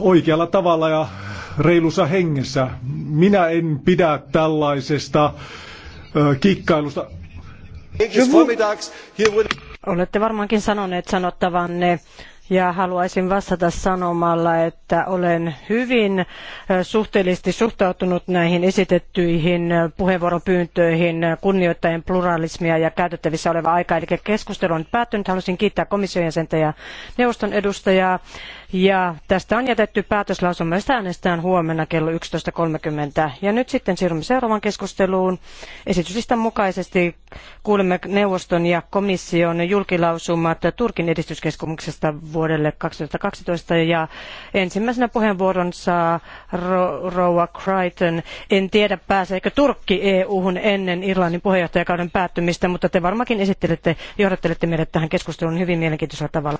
oikealla tavalla ja reilussa hengessä. Minä en pidä tällaisesta kikkailusta. Olette varmaankin sanoneet sanottavanne ja haluaisin vastata sanomalla, että olen hyvin suhteellisesti suhtautunut näihin esitettyihin puheenvuoropyyntöihin kunnioittajien pluralismia ja käytettävissä olevaa aikaa. Eli keskustelu on päättynyt. Haluaisin kiittää komission jäsentä ja neuvoston edustajaa. Ja tästä on jätetty päätöslausuma, josta äänestetään huomenna kello 11.30. Ja nyt sitten siirrymme seuraavaan keskusteluun. Esityslistan mukaisesti kuulemme neuvoston ja komission julkilausumat Turkin edistyskeskuksesta vuodelle 2012. Ja ensimmäisenä puheenvuoron saa Ro- Roa Crichton. En tiedä, pääseekö Turkki EU-hun ennen Irlannin puheenjohtajakauden päättymistä, mutta te varmaankin esittelette, johdattelette meidät tähän keskusteluun hyvin mielenkiintoisella tavalla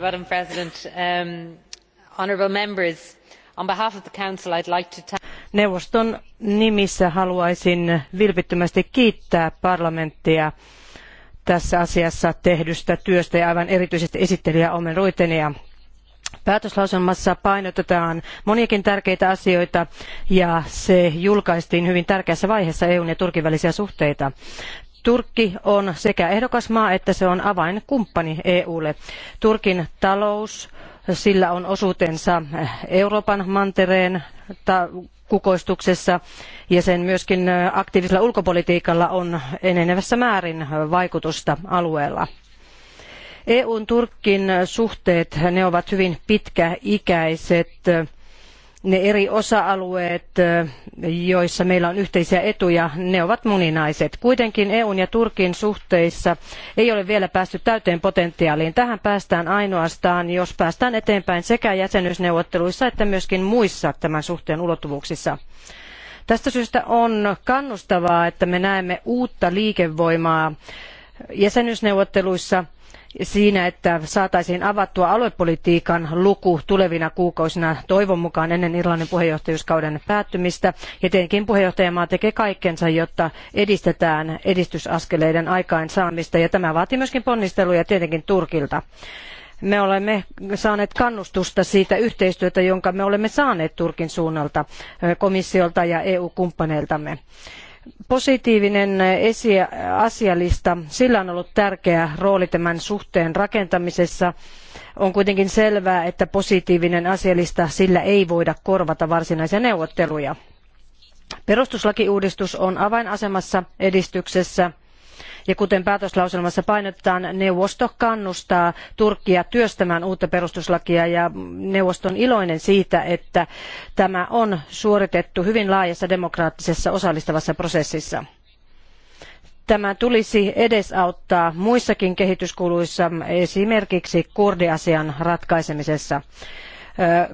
madam president um, honourable members on behalf of the council i'd like to thank neuvoston nimissä haluaisin vilpittömästi kiittää parlamenttia tässä asiassa tehdystä työstä ja aivan erityisesti esittelijä oomen ruijtenia. päätöslauselmassa painotetaan moniakin tärkeitä asioita ja se julkaistiin hyvin tärkeässä vaiheessa eun ja turkin välisiä suhteita. Turkki on sekä ehdokasmaa että se on avainkumppani EUlle. Turkin talous, sillä on osuutensa Euroopan mantereen kukoistuksessa ja sen myöskin aktiivisella ulkopolitiikalla on enenevässä määrin vaikutusta alueella. EUn Turkin suhteet ne ovat hyvin pitkäikäiset ne eri osa-alueet, joissa meillä on yhteisiä etuja, ne ovat moninaiset. Kuitenkin EUn ja Turkin suhteissa ei ole vielä päästy täyteen potentiaaliin. Tähän päästään ainoastaan, jos päästään eteenpäin sekä jäsenyysneuvotteluissa että myöskin muissa tämän suhteen ulottuvuuksissa. Tästä syystä on kannustavaa, että me näemme uutta liikevoimaa jäsenyysneuvotteluissa – siinä, että saataisiin avattua aluepolitiikan luku tulevina kuukausina toivon mukaan ennen Irlannin puheenjohtajuuskauden päättymistä. Ja tietenkin puheenjohtajamaa tekee kaikkensa, jotta edistetään edistysaskeleiden aikaansaamista ja tämä vaatii myöskin ponnisteluja tietenkin Turkilta me olemme saaneet kannustusta siitä yhteistyötä, jonka me olemme saaneet Turkin suunnalta komissiolta ja EU-kumppaneiltamme. Positiivinen asialista, sillä on ollut tärkeä rooli tämän suhteen rakentamisessa. On kuitenkin selvää, että positiivinen asialista sillä ei voida korvata varsinaisia neuvotteluja. Perustuslakiuudistus on avainasemassa edistyksessä ja kuten päätöslauselmassa painotetaan, neuvosto kannustaa Turkkia työstämään uutta perustuslakia ja neuvosto on iloinen siitä, että tämä on suoritettu hyvin laajassa demokraattisessa osallistavassa prosessissa tämä tulisi edesauttaa muissakin kehityskuluissa esimerkiksi kurdiasian ratkaisemisessa.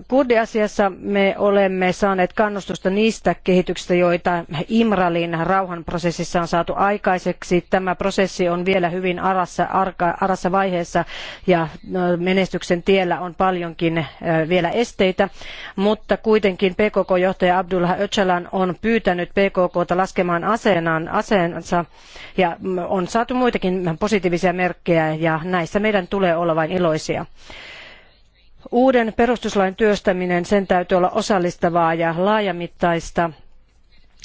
Kurdiasiassa me olemme saaneet kannustusta niistä kehityksistä, joita Imralin rauhanprosessissa on saatu aikaiseksi. Tämä prosessi on vielä hyvin arassa, arka, arassa vaiheessa ja menestyksen tiellä on paljonkin vielä esteitä, mutta kuitenkin PKK-johtaja Abdullah Öcalan on pyytänyt PKKta laskemaan aseenaan, aseensa ja on saatu muitakin positiivisia merkkejä ja näistä meidän tulee olla vain iloisia. Uuden perustuslain työstäminen, sen täytyy olla osallistavaa ja laajamittaista.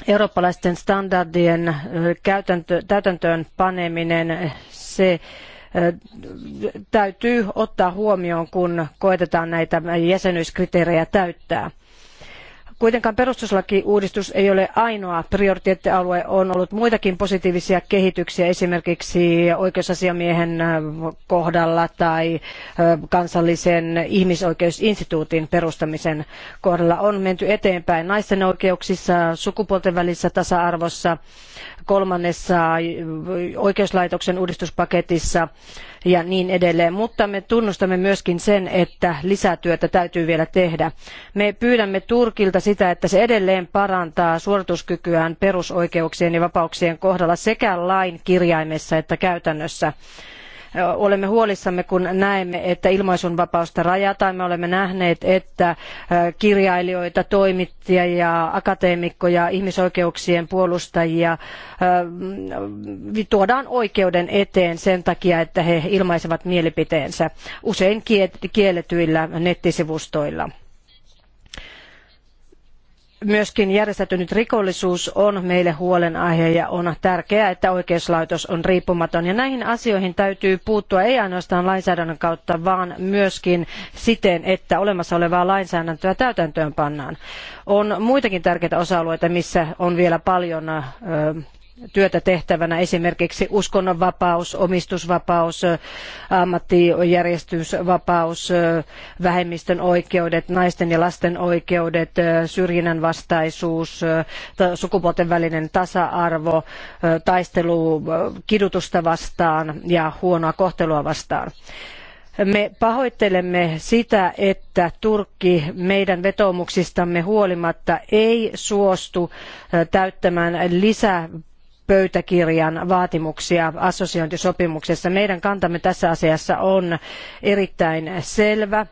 Eurooppalaisten standardien käytäntö, täytäntöön paneminen, se täytyy ottaa huomioon, kun koetetaan näitä jäsenyyskriteerejä täyttää. Kuitenkaan perustuslakiuudistus ei ole ainoa prioriteettialue. On ollut muitakin positiivisia kehityksiä esimerkiksi oikeusasiamiehen äh, kohdalla tai äh, kansallisen ihmisoikeusinstituutin perustamisen kohdalla. On menty eteenpäin naisten oikeuksissa, sukupuolten välisessä tasa-arvossa, kolmannessa äh, oikeuslaitoksen uudistuspaketissa ja niin edelleen. Mutta me tunnustamme myöskin sen, että lisätyötä täytyy vielä tehdä. Me pyydämme Turkilta sitä, sitä, että se edelleen parantaa suorituskykyään perusoikeuksien ja vapauksien kohdalla sekä lain kirjaimessa että käytännössä olemme huolissamme kun näemme että ilmaisunvapausta rajataan. me olemme nähneet että kirjailijoita toimittajia akateemikkoja ihmisoikeuksien puolustajia tuodaan oikeuden eteen sen takia että he ilmaisevat mielipiteensä usein kielletyillä nettisivustoilla myöskin järjestäytynyt rikollisuus on meille huolenaihe ja on tärkeää, että oikeuslaitos on riippumaton. Ja näihin asioihin täytyy puuttua ei ainoastaan lainsäädännön kautta, vaan myöskin siten, että olemassa olevaa lainsäädäntöä täytäntöön pannaan. On muitakin tärkeitä osa-alueita, missä on vielä paljon työtä tehtävänä esimerkiksi uskonnonvapaus, omistusvapaus, ammattijärjestysvapaus, vähemmistön oikeudet, naisten ja lasten oikeudet, syrjinnän vastaisuus, sukupuolten välinen tasa-arvo, taistelu kidutusta vastaan ja huonoa kohtelua vastaan. Me pahoittelemme sitä, että Turkki meidän vetoomuksistamme huolimatta ei suostu täyttämään lisää pöytäkirjan vaatimuksia assosiointisopimuksessa. Meidän kantamme tässä asiassa on erittäin selvä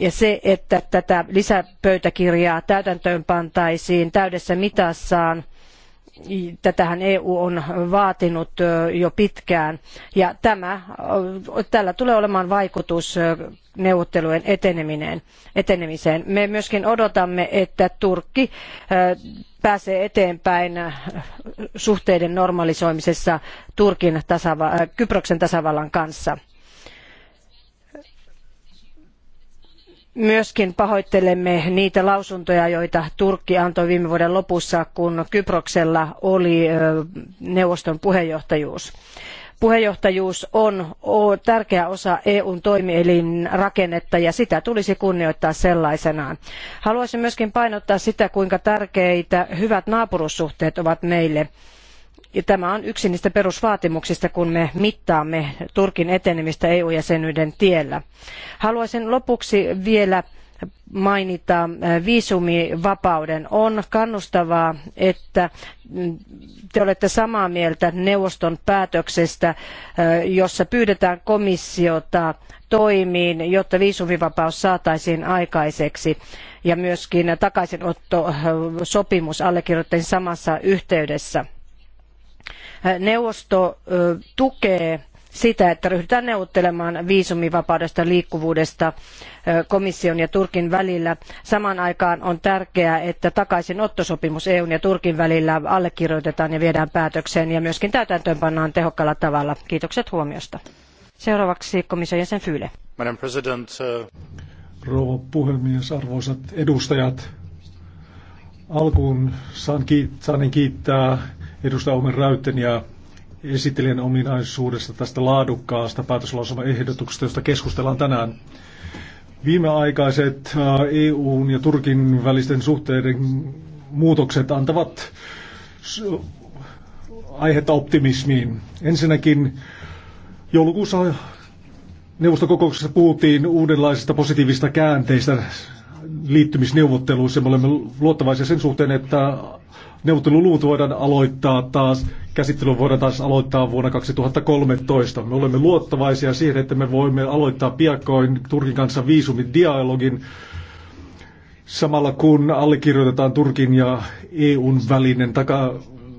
ja se, että tätä lisäpöytäkirjaa täytäntöön pantaisiin täydessä mitassaan – Tätähän EU on vaatinut jo pitkään ja tämä, tällä tulee olemaan vaikutus neuvottelujen etenemiseen. Me myöskin odotamme, että Turkki pääsee eteenpäin suhteiden normalisoimisessa Turkin tasava, Kyproksen tasavallan kanssa Myöskin pahoittelemme niitä lausuntoja, joita Turkki antoi viime vuoden lopussa, kun Kyproksella oli neuvoston puheenjohtajuus puheenjohtajuus on tärkeä osa EUn toimielinrakennetta ja sitä tulisi kunnioittaa sellaisenaan. Haluaisin myöskin painottaa sitä, kuinka tärkeitä hyvät naapurussuhteet ovat meille. Ja tämä on yksi niistä perusvaatimuksista, kun me mittaamme Turkin etenemistä EU-jäsenyyden tiellä. Haluaisin lopuksi vielä mainita äh, viisumivapauden. On kannustavaa, että mm, te olette samaa mieltä neuvoston päätöksestä, äh, jossa pyydetään komissiota toimiin, jotta viisumivapaus saataisiin aikaiseksi ja myöskin takaisinottosopimus äh, allekirjoitettiin samassa yhteydessä Neuvosto tukee sitä, että ryhdytään neuvottelemaan viisumivapaudesta liikkuvuudesta komission ja Turkin välillä. Samaan aikaan on tärkeää, että takaisinottosopimus EUn ja Turkin välillä allekirjoitetaan ja viedään päätökseen ja myöskin täytäntöönpannaan tehokkaalla tavalla. Kiitokset huomiosta. Seuraavaksi komission jäsen Fyle. Madam President, uh, Rouva puhemies, arvoisat edustajat. Alkuun saan kiittää, saan kiittää edustaa Omen Räytten ja esittelijän ominaisuudesta tästä laadukkaasta päätöslausumaehdotuksesta, josta keskustellaan tänään. Viimeaikaiset EUn ja Turkin välisten suhteiden muutokset antavat aihetta optimismiin. Ensinnäkin joulukuussa neuvostokokouksessa puhuttiin uudenlaisista positiivista käänteistä liittymisneuvotteluissa. Me olemme luottavaisia sen suhteen, että Neuvotteluluvut voidaan aloittaa taas, käsittely voidaan taas aloittaa vuonna 2013. Me olemme luottavaisia siihen, että me voimme aloittaa piakkoin Turkin kanssa viisumidialogin samalla kun allekirjoitetaan Turkin ja EUn välinen taka,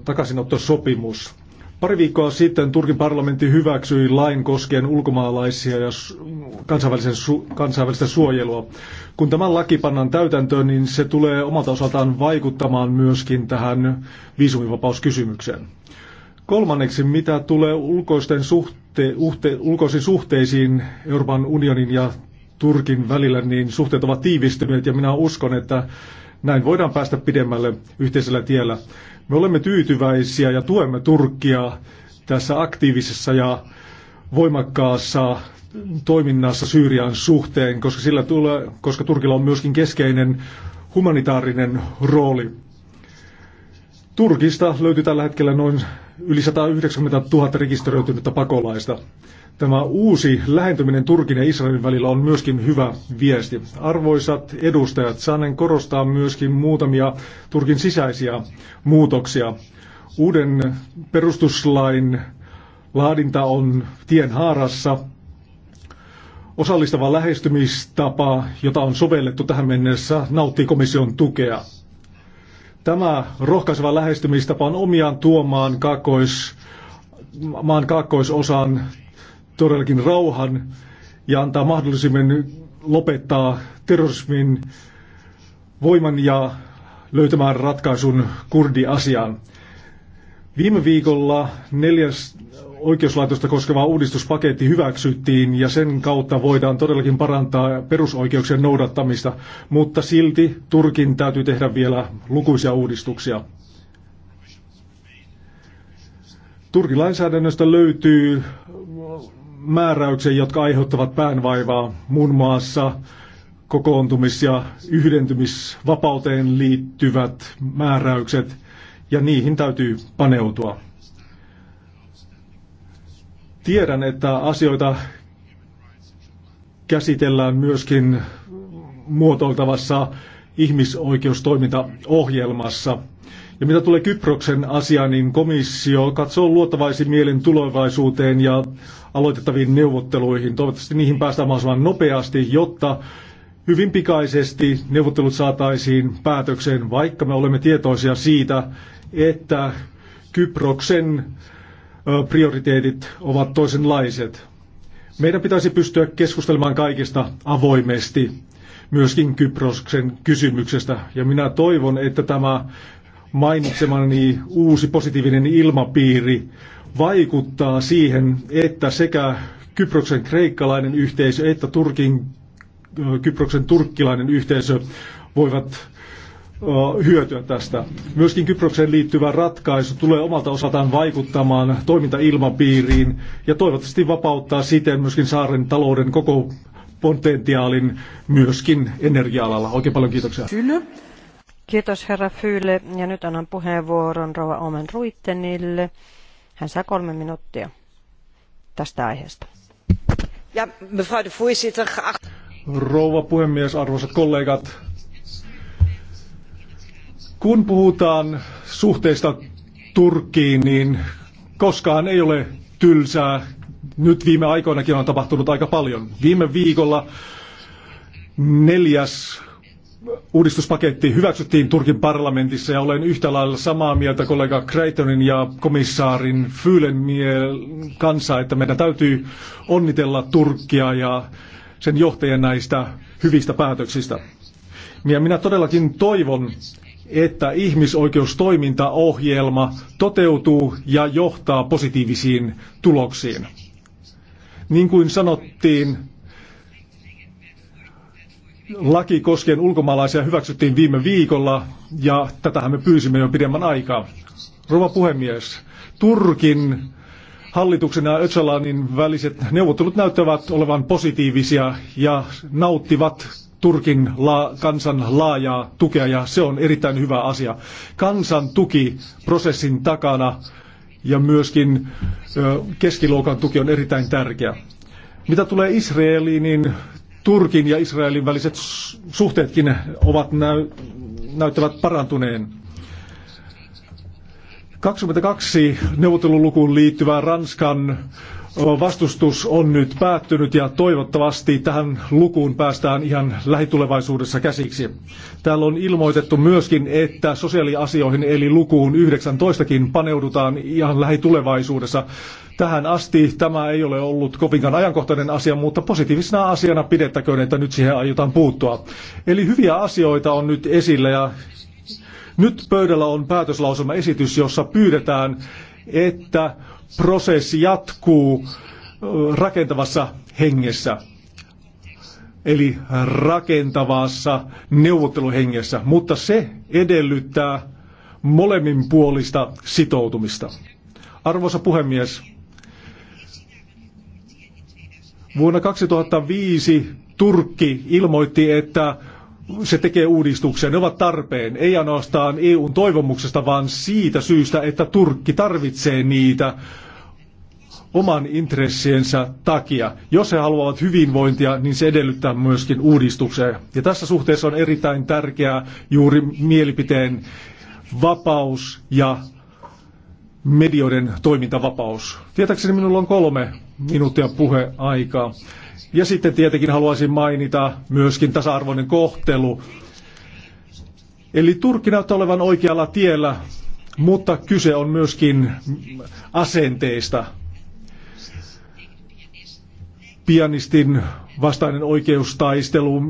takaisinottosopimus. Pari viikkoa sitten Turkin parlamentti hyväksyi lain koskien ulkomaalaisia ja kansainvälisen su- kansainvälistä suojelua. Kun tämä laki pannaan täytäntöön, niin se tulee omalta osaltaan vaikuttamaan myöskin tähän viisumivapauskysymykseen. Kolmanneksi, mitä tulee ulkoisten suhte- uhte- ulkoisiin suhteisiin Euroopan unionin ja Turkin välillä, niin suhteet ovat tiivistyneet ja minä uskon, että näin voidaan päästä pidemmälle yhteisellä tiellä. Me olemme tyytyväisiä ja tuemme Turkkia tässä aktiivisessa ja voimakkaassa toiminnassa Syyrian suhteen, koska, sillä tulee, koska Turkilla on myöskin keskeinen humanitaarinen rooli. Turkista löytyy tällä hetkellä noin yli 190 000 rekisteröitynyttä pakolaista. Tämä uusi lähentyminen Turkin ja Israelin välillä on myöskin hyvä viesti. Arvoisat edustajat, saanen korostaa myöskin muutamia Turkin sisäisiä muutoksia. Uuden perustuslain laadinta on tien haarassa. Osallistava lähestymistapa, jota on sovellettu tähän mennessä, nauttii komission tukea. Tämä rohkaiseva lähestymistapa on omiaan tuomaan kaakkois, maan kakkoisosaan todellakin rauhan ja antaa mahdollisimman lopettaa terrorismin voiman ja löytämään ratkaisun kurdiasiaan. Viime viikolla neljäs oikeuslaitosta koskeva uudistuspaketti hyväksyttiin ja sen kautta voidaan todellakin parantaa perusoikeuksien noudattamista, mutta silti Turkin täytyy tehdä vielä lukuisia uudistuksia. Turkin lainsäädännöstä löytyy määräyksiä, jotka aiheuttavat päänvaivaa muun muassa kokoontumis- ja yhdentymisvapauteen liittyvät määräykset, ja niihin täytyy paneutua. Tiedän, että asioita käsitellään myöskin muotoiltavassa ihmisoikeustoimintaohjelmassa. Ja mitä tulee Kyproksen asiaan, niin komissio katsoo luottavaisin mielen tulevaisuuteen ja aloitettaviin neuvotteluihin. Toivottavasti niihin päästään mahdollisimman nopeasti, jotta hyvin pikaisesti neuvottelut saataisiin päätökseen, vaikka me olemme tietoisia siitä, että Kyproksen prioriteetit ovat toisenlaiset. Meidän pitäisi pystyä keskustelemaan kaikista avoimesti, myöskin Kyproksen kysymyksestä. Ja minä toivon, että tämä mainitsemani uusi positiivinen ilmapiiri vaikuttaa siihen, että sekä Kyproksen kreikkalainen yhteisö että Turkin, Kyproksen turkkilainen yhteisö voivat hyötyä tästä. Myöskin Kyprokseen liittyvä ratkaisu tulee omalta osaltaan vaikuttamaan toimintailmapiiriin ja toivottavasti vapauttaa siten myöskin saaren talouden koko potentiaalin myöskin energia-alalla. Oikein paljon kiitoksia. Kyllä. Kiitos herra Fyyle ja nyt annan puheenvuoron rouva Omen Ruittenille. Hän saa kolme minuuttia tästä aiheesta. Ja, mevrouw de voorzitter, rouva puhemies, arvoisat kollegat, kun puhutaan suhteista Turkkiin, niin koskaan ei ole tylsää. Nyt viime aikoinakin on tapahtunut aika paljon. Viime viikolla neljäs uudistuspaketti hyväksyttiin Turkin parlamentissa ja olen yhtä lailla samaa mieltä kollega Creightonin ja komissaarin Fyylen kanssa, että meidän täytyy onnitella Turkkia ja sen johtajien näistä hyvistä päätöksistä. Ja minä todellakin toivon, että ihmisoikeustoimintaohjelma toteutuu ja johtaa positiivisiin tuloksiin. Niin kuin sanottiin, laki koskien ulkomaalaisia hyväksyttiin viime viikolla ja tätähän me pyysimme jo pidemmän aikaa. Rouva puhemies, Turkin hallituksen ja Öcalanin väliset neuvottelut näyttävät olevan positiivisia ja nauttivat Turkin la- kansan laajaa tukea ja se on erittäin hyvä asia. Kansan tuki prosessin takana ja myöskin ö, keskiluokan tuki on erittäin tärkeä. Mitä tulee Israeliin, niin Turkin ja Israelin väliset suhteetkin ovat näy- näyttävät parantuneen. 22 neuvottelulukuun liittyvää Ranskan vastustus on nyt päättynyt ja toivottavasti tähän lukuun päästään ihan lähitulevaisuudessa käsiksi. Täällä on ilmoitettu myöskin, että sosiaaliasioihin eli lukuun 19kin paneudutaan ihan lähitulevaisuudessa. Tähän asti tämä ei ole ollut kovinkaan ajankohtainen asia, mutta positiivisena asiana pidettäköön, että nyt siihen aiotaan puuttua. Eli hyviä asioita on nyt esillä ja nyt pöydällä on päätöslauselmaesitys, jossa pyydetään, että prosessi jatkuu rakentavassa hengessä, eli rakentavassa neuvotteluhengessä, mutta se edellyttää molemminpuolista sitoutumista. Arvoisa puhemies, vuonna 2005 Turkki ilmoitti, että se tekee uudistuksia. Ne ovat tarpeen, ei ainoastaan EUn toivomuksesta, vaan siitä syystä, että Turkki tarvitsee niitä oman intressiensä takia. Jos he haluavat hyvinvointia, niin se edellyttää myöskin uudistuksia. Ja tässä suhteessa on erittäin tärkeää juuri mielipiteen vapaus ja medioiden toimintavapaus. Tietääkseni minulla on kolme minuuttia puheaikaa. Ja sitten tietenkin haluaisin mainita myöskin tasa-arvoinen kohtelu. Eli Turkki näyttää olevan oikealla tiellä, mutta kyse on myöskin asenteista. Pianistin vastainen oikeustaistelu,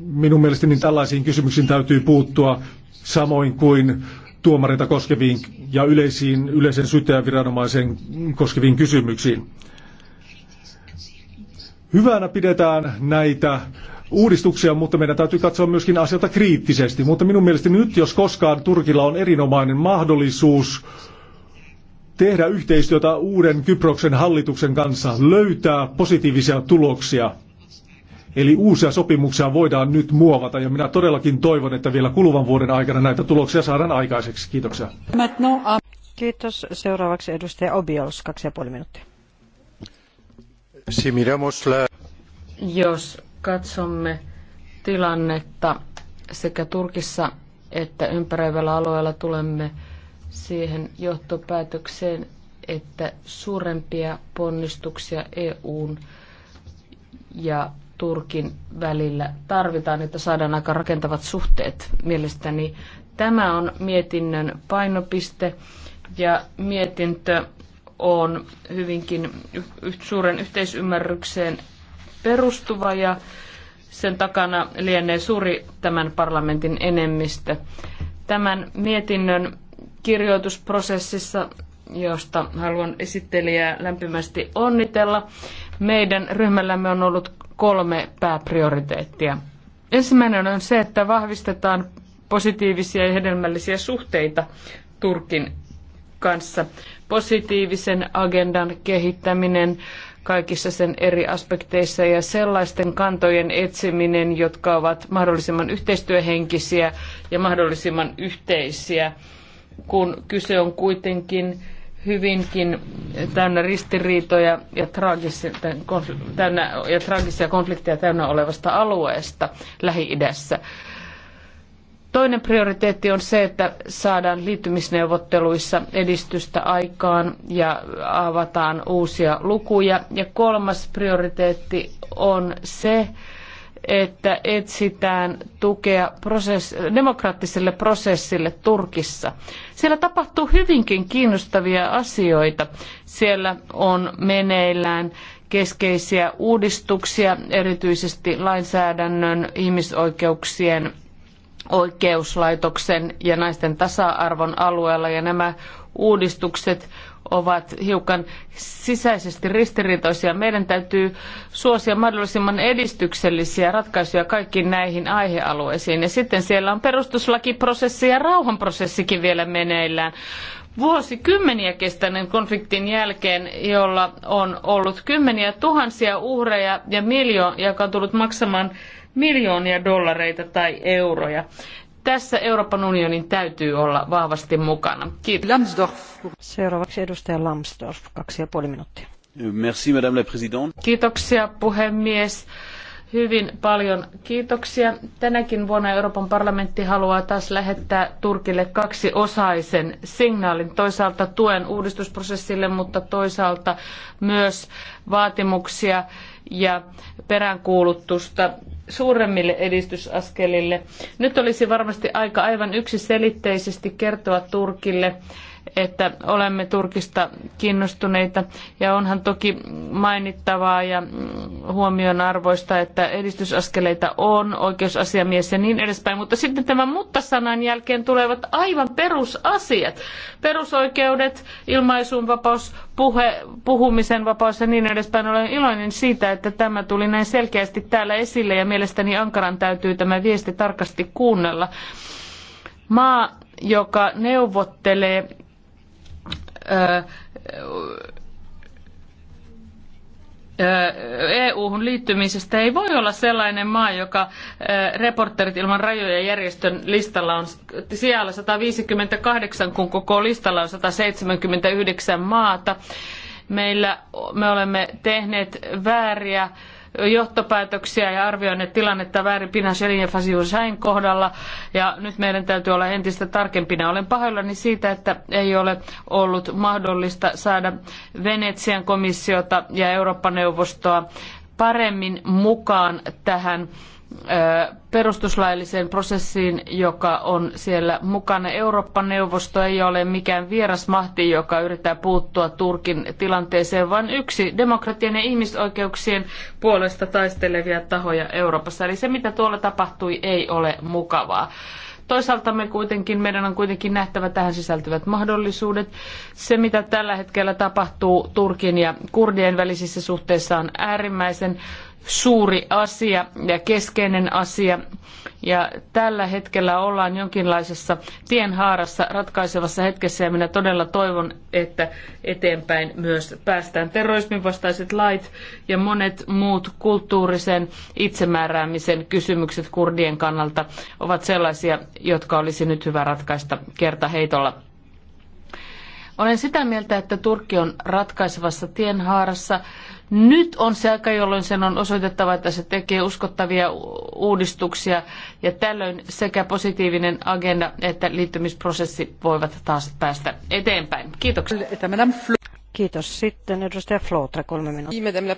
minun mielestäni niin tällaisiin kysymyksiin täytyy puuttua, samoin kuin tuomareita koskeviin ja yleisiin, yleisen syyttäjäviranomaisen koskeviin kysymyksiin. Hyvänä pidetään näitä uudistuksia, mutta meidän täytyy katsoa myöskin asioita kriittisesti. Mutta minun mielestäni nyt, jos koskaan Turkilla on erinomainen mahdollisuus tehdä yhteistyötä uuden Kyproksen hallituksen kanssa, löytää positiivisia tuloksia. Eli uusia sopimuksia voidaan nyt muovata ja minä todellakin toivon, että vielä kuluvan vuoden aikana näitä tuloksia saadaan aikaiseksi. Kiitoksia. Kiitos. Seuraavaksi edustaja Obiols, kaksi ja puoli minuuttia. Jos katsomme tilannetta sekä Turkissa että ympäröivällä alueella tulemme siihen johtopäätökseen, että suurempia ponnistuksia EUn ja Turkin välillä tarvitaan, että saadaan aika rakentavat suhteet. Mielestäni tämä on mietinnön painopiste ja mietintö on hyvinkin suuren yhteisymmärrykseen perustuva ja sen takana lienee suuri tämän parlamentin enemmistö. Tämän mietinnön kirjoitusprosessissa, josta haluan esittelijää lämpimästi onnitella, meidän ryhmällämme on ollut kolme pääprioriteettia. Ensimmäinen on se, että vahvistetaan positiivisia ja hedelmällisiä suhteita Turkin kanssa. Positiivisen agendan kehittäminen kaikissa sen eri aspekteissa ja sellaisten kantojen etsiminen, jotka ovat mahdollisimman yhteistyöhenkisiä ja mahdollisimman yhteisiä, kun kyse on kuitenkin hyvinkin täynnä ristiriitoja ja, traagisia, täynnä, ja traagisia konflikteja täynnä olevasta alueesta Lähi-idässä. Toinen prioriteetti on se, että saadaan liittymisneuvotteluissa edistystä aikaan ja avataan uusia lukuja. Ja kolmas prioriteetti on se, että etsitään tukea prosess, demokraattiselle prosessille Turkissa. Siellä tapahtuu hyvinkin kiinnostavia asioita. Siellä on meneillään keskeisiä uudistuksia, erityisesti lainsäädännön, ihmisoikeuksien oikeuslaitoksen ja naisten tasa-arvon alueella ja nämä uudistukset ovat hiukan sisäisesti ristiriitoisia. Meidän täytyy suosia mahdollisimman edistyksellisiä ratkaisuja kaikkiin näihin aihealueisiin. Ja sitten siellä on perustuslakiprosessi ja rauhanprosessikin vielä meneillään. Vuosikymmeniä kestäneen konfliktin jälkeen, jolla on ollut kymmeniä tuhansia uhreja ja miljoon, joka on tullut maksamaan miljoonia dollareita tai euroja. Tässä Euroopan unionin täytyy olla vahvasti mukana. Kiitos. Lambsdorff. Seuraavaksi edustaja Lambsdorff, kaksi ja puoli minuuttia. Merci, madame la présidente. Kiitoksia puhemies hyvin paljon kiitoksia. Tänäkin vuonna Euroopan parlamentti haluaa taas lähettää Turkille kaksiosaisen signaalin. Toisaalta tuen uudistusprosessille, mutta toisaalta myös vaatimuksia ja peräänkuulutusta suuremmille edistysaskelille. Nyt olisi varmasti aika aivan yksiselitteisesti kertoa Turkille, että olemme Turkista kiinnostuneita. Ja onhan toki mainittavaa ja huomionarvoista, että edistysaskeleita on, oikeusasiamies ja niin edespäin. Mutta sitten tämän mutta-sanan jälkeen tulevat aivan perusasiat. Perusoikeudet, ilmaisunvapaus, puhe, puhumisen vapaus ja niin edespäin. Olen iloinen siitä, että tämä tuli näin selkeästi täällä esille ja mielestäni Ankaran täytyy tämä viesti tarkasti kuunnella. Maa, joka neuvottelee EU-hun liittymisestä ei voi olla sellainen maa, joka reporterit ilman rajoja järjestön listalla on sijalla 158, kun koko listalla on 179 maata. Meillä me olemme tehneet vääriä johtopäätöksiä ja arvioineet tilannetta väärin Pinashelin ja Fasiusain kohdalla. Ja nyt meidän täytyy olla entistä tarkempina. Olen pahoillani siitä, että ei ole ollut mahdollista saada Venetsian komissiota ja Eurooppa-neuvostoa paremmin mukaan tähän perustuslailliseen prosessiin, joka on siellä mukana. Eurooppa-neuvosto ei ole mikään vieras mahti, joka yrittää puuttua Turkin tilanteeseen, vaan yksi demokratian ja ihmisoikeuksien puolesta taistelevia tahoja Euroopassa. Eli se, mitä tuolla tapahtui, ei ole mukavaa. Toisaalta me kuitenkin, meidän on kuitenkin nähtävä tähän sisältyvät mahdollisuudet. Se, mitä tällä hetkellä tapahtuu Turkin ja kurdien välisissä suhteissa, on äärimmäisen suuri asia ja keskeinen asia. Ja tällä hetkellä ollaan jonkinlaisessa tienhaarassa ratkaisevassa hetkessä ja minä todella toivon, että eteenpäin myös päästään. Terrorismin vastaiset lait ja monet muut kulttuurisen itsemääräämisen kysymykset kurdien kannalta ovat sellaisia, jotka olisi nyt hyvä ratkaista kerta heitolla. Olen sitä mieltä, että Turkki on ratkaisevassa tienhaarassa. Nyt on se aika, jolloin sen on osoitettava, että se tekee uskottavia uudistuksia ja tällöin sekä positiivinen agenda että liittymisprosessi voivat taas päästä eteenpäin. Kiitoksia. Kiitos. Sitten edustaja Flotra, kolme minuuttia.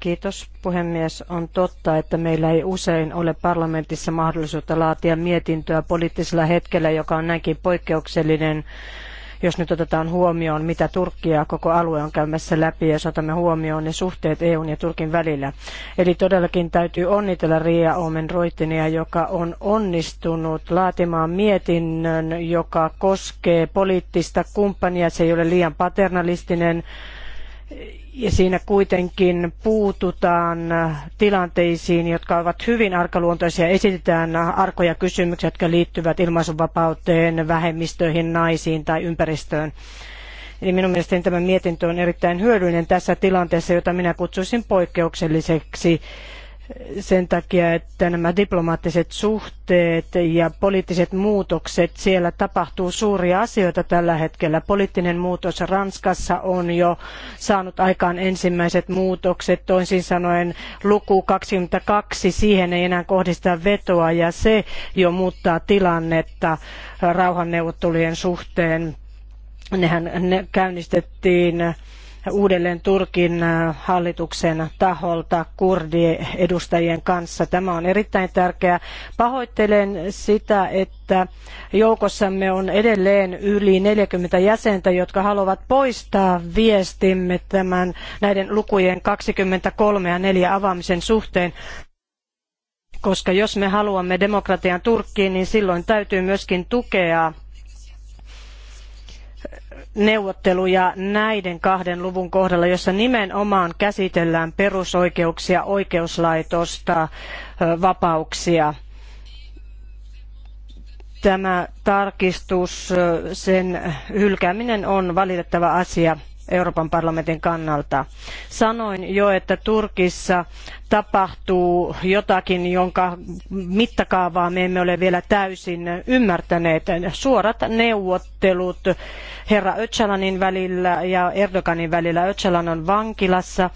Kiitos puhemies. On totta, että meillä ei usein ole parlamentissa mahdollisuutta laatia mietintöä poliittisella hetkellä, joka on näinkin poikkeuksellinen jos nyt otetaan huomioon, mitä Turkkia koko alue on käymässä läpi, jos otamme huomioon ne suhteet EUn ja Turkin välillä. Eli todellakin täytyy onnitella Ria Omen Roittinia, joka on onnistunut laatimaan mietinnön, joka koskee poliittista kumppania. Se ei ole liian paternalistinen ja siinä kuitenkin puututaan tilanteisiin, jotka ovat hyvin arkaluontoisia. Esitetään arkoja kysymyksiä, jotka liittyvät ilmaisunvapauteen, vähemmistöihin, naisiin tai ympäristöön. Eli minun mielestäni tämä mietintö on erittäin hyödyllinen tässä tilanteessa, jota minä kutsuisin poikkeukselliseksi sen takia, että nämä diplomaattiset suhteet ja poliittiset muutokset, siellä tapahtuu suuria asioita tällä hetkellä. Poliittinen muutos Ranskassa on jo saanut aikaan ensimmäiset muutokset, toisin sanoen luku 22, siihen ei enää kohdista vetoa ja se jo muuttaa tilannetta rauhanneuvottelujen suhteen. Nehän ne käynnistettiin uudelleen Turkin äh, hallituksen taholta kurdiedustajien kanssa. Tämä on erittäin tärkeää. Pahoittelen sitä, että joukossamme on edelleen yli 40 jäsentä, jotka haluavat poistaa viestimme tämän näiden lukujen 23 ja 4 avaamisen suhteen koska jos me haluamme demokratian Turkkiin, niin silloin täytyy myöskin tukea neuvotteluja näiden kahden luvun kohdalla, jossa nimenomaan käsitellään perusoikeuksia, oikeuslaitosta, vapauksia. Tämä tarkistus, sen hylkääminen on valitettava asia Euroopan parlamentin kannalta. Sanoin jo, että Turkissa tapahtuu jotakin, jonka mittakaavaa me emme ole vielä täysin ymmärtäneet. Suorat neuvottelut herra Öcalanin välillä ja Erdoganin välillä. Öcalan on vankilassa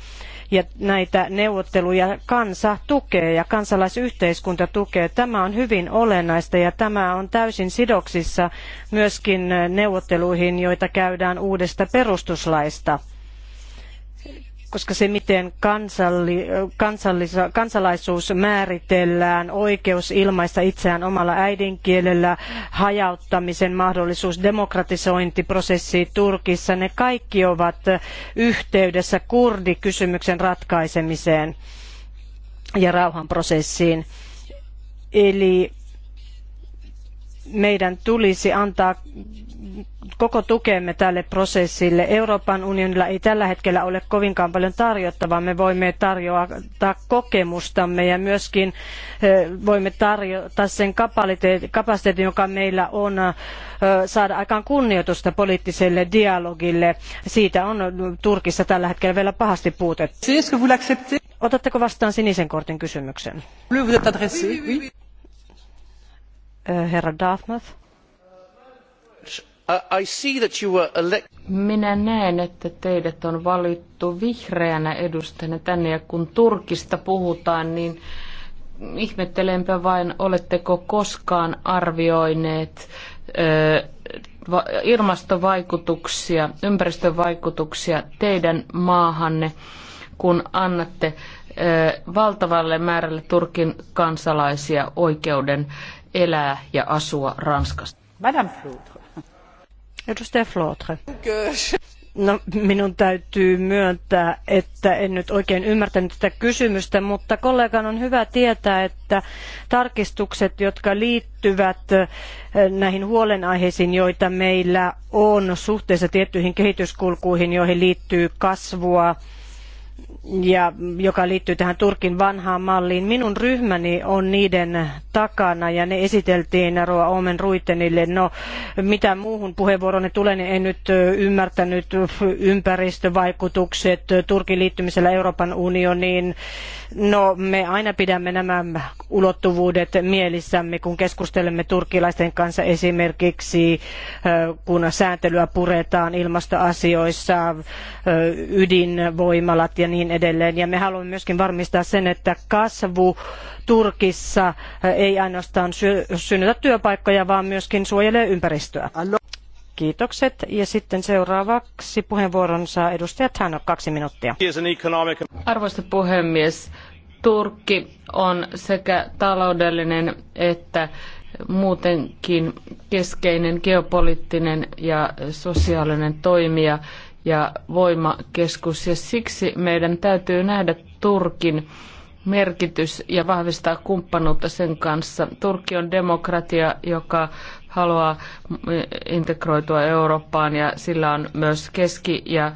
ja näitä neuvotteluja kansa tukee ja kansalaisyhteiskunta tukee. Tämä on hyvin olennaista ja tämä on täysin sidoksissa myöskin neuvotteluihin, joita käydään uudesta perustuslaista koska se, miten kansalli, kansallis, kansalaisuus määritellään, oikeus ilmaista itseään omalla äidinkielellä, hajauttamisen mahdollisuus, demokratisointiprosessi Turkissa, ne kaikki ovat yhteydessä kurdikysymyksen ratkaisemiseen ja rauhanprosessiin. Eli meidän tulisi antaa koko tukemme tälle prosessille. Euroopan unionilla ei tällä hetkellä ole kovinkaan paljon tarjottavaa. Me voimme tarjota kokemustamme ja myöskin eh, voimme tarjota sen kapasiteetin, joka meillä on eh, saada aikaan kunnioitusta poliittiselle dialogille. Siitä on Turkissa tällä hetkellä vielä pahasti puutetta. Otatteko vastaan sinisen kortin kysymyksen? Eh, herra Dartmouth I see that you were elect- Minä näen, että teidät on valittu vihreänä edustajana tänne ja kun Turkista puhutaan, niin ihmettelenpä vain, oletteko koskaan arvioineet ö, ilmastovaikutuksia, ympäristövaikutuksia teidän maahanne, kun annatte ö, valtavalle määrälle Turkin kansalaisia oikeuden elää ja asua Ranskassa? Madame Edustaja Flotre. No, minun täytyy myöntää, että en nyt oikein ymmärtänyt tätä kysymystä, mutta kollegan on hyvä tietää, että tarkistukset, jotka liittyvät eh, näihin huolenaiheisiin, joita meillä on suhteessa tiettyihin kehityskulkuihin, joihin liittyy kasvua, ja joka liittyy tähän Turkin vanhaan malliin. Minun ryhmäni on niiden takana ja ne esiteltiin Roa Omen Ruitenille. No, mitä muuhun puheenvuoronne tulee, niin en nyt ymmärtänyt ympäristövaikutukset Turkin liittymisellä Euroopan unioniin No me aina pidämme nämä ulottuvuudet mielissämme, kun keskustelemme turkilaisten kanssa esimerkiksi, kun sääntelyä puretaan ilmastoasioissa, ydinvoimalat ja niin edelleen. Ja me haluamme myöskin varmistaa sen, että kasvu Turkissa ei ainoastaan synnytä työpaikkoja, vaan myöskin suojelee ympäristöä. Kiitokset. Ja sitten seuraavaksi puheenvuoron saa edustaja Tanok, kaksi minuuttia. Arvoisa puhemies, Turkki on sekä taloudellinen että muutenkin keskeinen geopoliittinen ja sosiaalinen toimija ja voimakeskus. Ja siksi meidän täytyy nähdä Turkin merkitys ja vahvistaa kumppanuutta sen kanssa. Turkki on demokratia, joka haluaa integroitua Eurooppaan ja sillä on myös keski- ja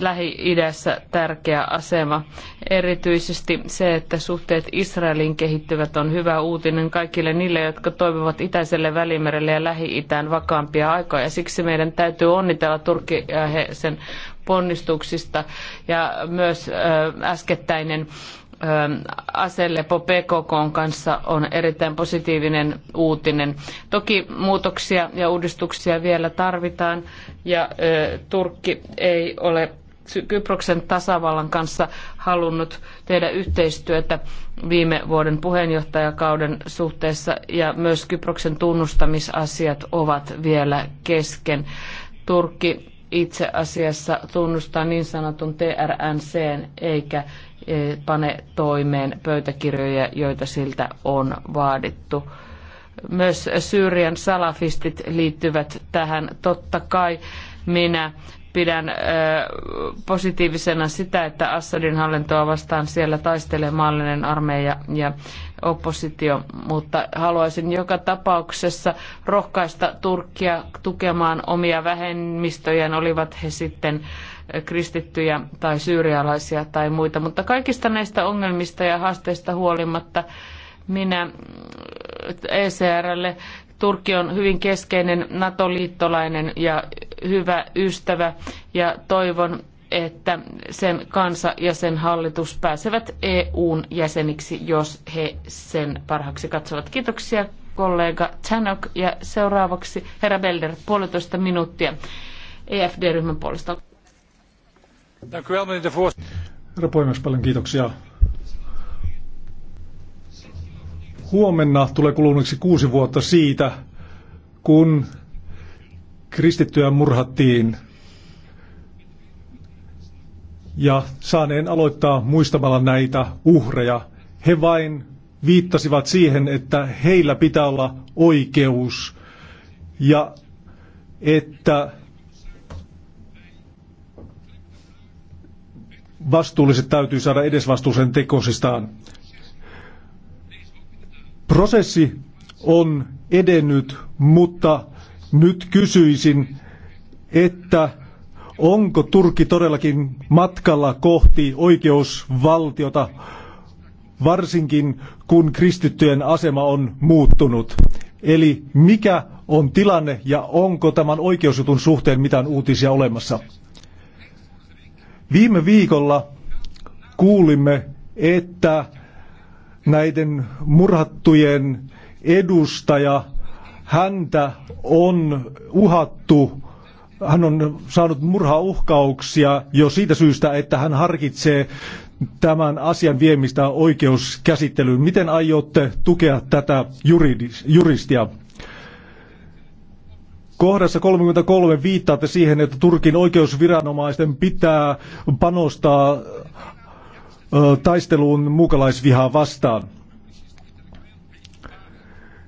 Lähi-idässä tärkeä asema. Erityisesti se, että suhteet Israelin kehittyvät on hyvä uutinen kaikille niille, jotka toivovat itäiselle välimerelle ja Lähi-itään vakaampia aikoja. Siksi meidän täytyy onnitella Turkki ja sen ponnistuksista ja myös äskettäinen Ähm, aselepo PKK kanssa on erittäin positiivinen uutinen. Toki muutoksia ja uudistuksia vielä tarvitaan ja Turkki ei ole Kyproksen tasavallan kanssa halunnut tehdä yhteistyötä viime vuoden puheenjohtajakauden suhteessa ja myös Kyproksen tunnustamisasiat ovat vielä kesken. Turkki itse asiassa tunnustaa niin sanotun TRNC eikä E, pane toimeen pöytäkirjoja, joita siltä on vaadittu. Myös Syyrian salafistit liittyvät tähän totta kai minä pidän positiivisena sitä, että Assadin hallintoa vastaan siellä taistelee maallinen armeija ja oppositio, mutta haluaisin joka tapauksessa rohkaista Turkkia tukemaan omia vähemmistöjään, olivat he sitten kristittyjä tai syyrialaisia tai muita. Mutta kaikista näistä ongelmista ja haasteista huolimatta minä ECRlle Turkki on hyvin keskeinen NATO-liittolainen ja hyvä ystävä ja toivon, että sen kansa ja sen hallitus pääsevät EUn jäseniksi, jos he sen parhaaksi katsovat. Kiitoksia kollega Chanok ja seuraavaksi herra Belder, puolitoista minuuttia EFD-ryhmän puolesta. Herra puhemies, paljon kiitoksia. Huomenna tulee kuluneeksi kuusi vuotta siitä, kun kristittyä murhattiin. Ja saaneen aloittaa muistamalla näitä uhreja. He vain viittasivat siihen, että heillä pitää olla oikeus ja että vastuulliset täytyy saada edesvastuuseen tekosistaan. Prosessi on edennyt, mutta nyt kysyisin, että onko Turkki todellakin matkalla kohti oikeusvaltiota, varsinkin kun kristittyjen asema on muuttunut. Eli mikä on tilanne ja onko tämän oikeusjutun suhteen mitään uutisia olemassa? Viime viikolla kuulimme, että näiden murhattujen edustaja, häntä on uhattu, hän on saanut murhauhkauksia jo siitä syystä, että hän harkitsee tämän asian viemistä oikeuskäsittelyyn. Miten aiotte tukea tätä juridis, juristia? Kohdassa 33 viittaatte siihen, että Turkin oikeusviranomaisten pitää panostaa taisteluun muukalaisvihaa vastaan.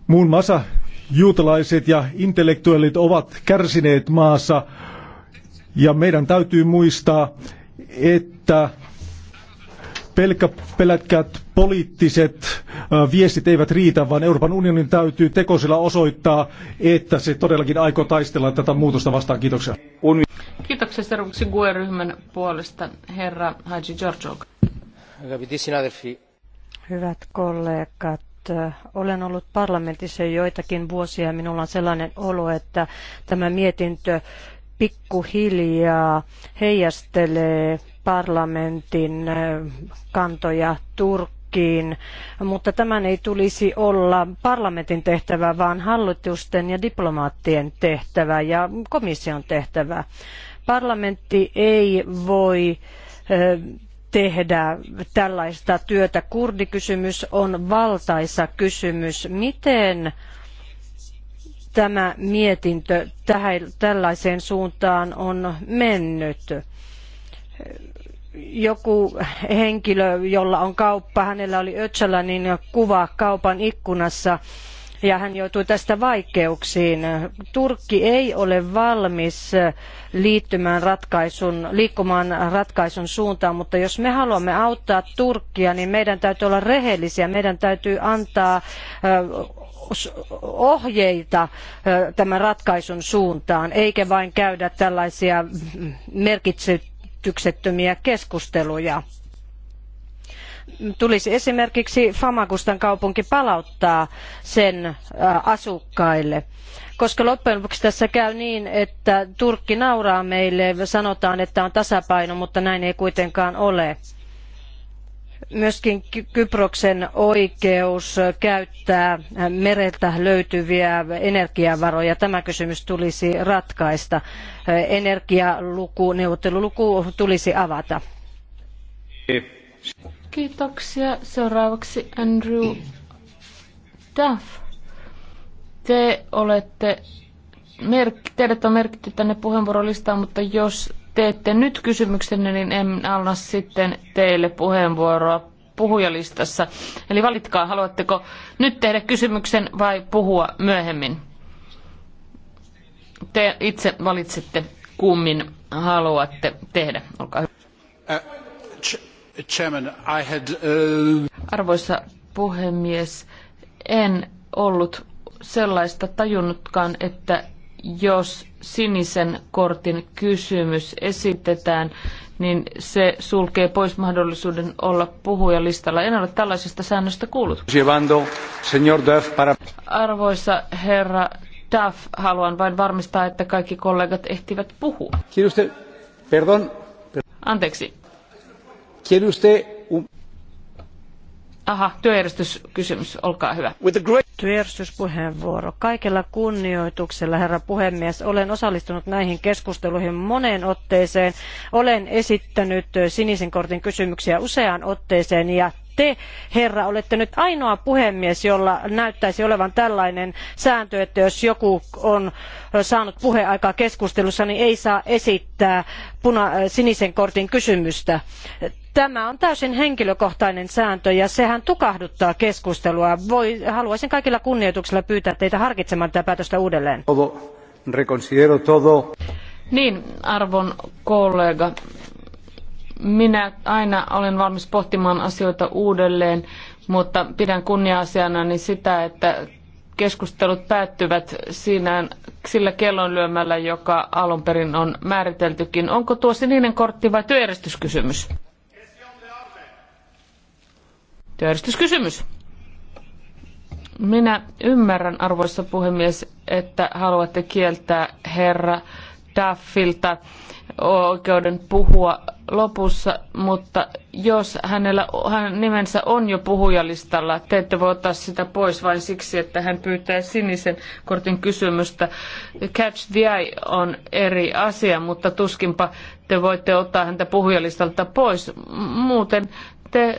Muun muassa juutalaiset ja intellektuellit ovat kärsineet maassa ja meidän täytyy muistaa, että pelkkä, pelätkät poliittiset viestit eivät riitä, vaan Euroopan unionin täytyy tekosilla osoittaa, että se todellakin aikoo taistella tätä muutosta vastaan. Kiitoksia. Kiitoksia seuraavaksi GUE-ryhmän puolesta herra Haji Giorgio. Hyvät kollegat, olen ollut parlamentissa joitakin vuosia ja minulla on sellainen olo, että tämä mietintö pikkuhiljaa heijastelee parlamentin kantoja Turkkiin, mutta tämän ei tulisi olla parlamentin tehtävä, vaan hallitusten ja diplomaattien tehtävä ja komission tehtävä. Parlamentti ei voi tehdä tällaista työtä. Kurdikysymys on valtaisa kysymys. Miten tämä mietintö tällaiseen suuntaan on mennyt? joku henkilö, jolla on kauppa, hänellä oli Öcalanin kuva kaupan ikkunassa ja hän joutui tästä vaikeuksiin. Turkki ei ole valmis liittymään ratkaisun, liikkumaan ratkaisun suuntaan, mutta jos me haluamme auttaa Turkkia, niin meidän täytyy olla rehellisiä, meidän täytyy antaa ohjeita tämän ratkaisun suuntaan, eikä vain käydä tällaisia merkityksettömiä keskusteluja tulisi esimerkiksi Famagustan kaupunki palauttaa sen äh, asukkaille. Koska loppujen lopuksi tässä käy niin, että Turkki nauraa meille, sanotaan, että on tasapaino, mutta näin ei kuitenkaan ole myöskin Kyproksen oikeus käyttää mereltä löytyviä energiavaroja. Tämä kysymys tulisi ratkaista. Energialuku, neuvotteluluku tulisi avata. Kiitoksia. Seuraavaksi Andrew Duff. Te olette, merk, teidät on merkitty tänne puheenvuorolistaan, mutta jos teette nyt kysymyksenne, niin en anna sitten teille puheenvuoroa puhujalistassa. Eli valitkaa, haluatteko nyt tehdä kysymyksen vai puhua myöhemmin. Te itse valitsette, kummin haluatte tehdä. Olkaa hyvä. Ä äh, Uh, Arvoisa puhemies, en ollut sellaista tajunnutkaan, että jos sinisen kortin kysymys esitetään, niin se sulkee pois mahdollisuuden olla puhujalistalla. En ole tällaisesta säännöstä kuullut. Arvoisa herra Duff, haluan vain varmistaa, että kaikki kollegat ehtivät puhua. Anteeksi, Quiere usted un... Aha, työjärjestyskysymys, olkaa hyvä. Työjärjestyspuheenvuoro. Kaikella kunnioituksella, herra puhemies, olen osallistunut näihin keskusteluihin moneen otteeseen. Olen esittänyt sinisen kortin kysymyksiä useaan otteeseen ja te, herra, olette nyt ainoa puhemies, jolla näyttäisi olevan tällainen sääntö, että jos joku on saanut puheaikaa keskustelussa, niin ei saa esittää sinisen kortin kysymystä. Tämä on täysin henkilökohtainen sääntö ja sehän tukahduttaa keskustelua. Voi, haluaisin kaikilla kunnioituksella pyytää teitä harkitsemaan tätä päätöstä uudelleen. Niin, arvon kollega, minä aina olen valmis pohtimaan asioita uudelleen, mutta pidän kunnia-asiana niin sitä, että keskustelut päättyvät siinä, sillä kellonlyömällä, joka alun perin on määriteltykin. Onko tuo sininen kortti vai työjärjestyskysymys? Työjärjestyskysymys. Minä ymmärrän, arvoisa puhemies, että haluatte kieltää herra Daffilta oikeuden puhua lopussa, mutta jos hänellä, hän nimensä on jo puhujalistalla, te ette voi ottaa sitä pois vain siksi, että hän pyytää sinisen kortin kysymystä. Catch the eye on eri asia, mutta tuskinpa te voitte ottaa häntä puhujalistalta pois. Muuten te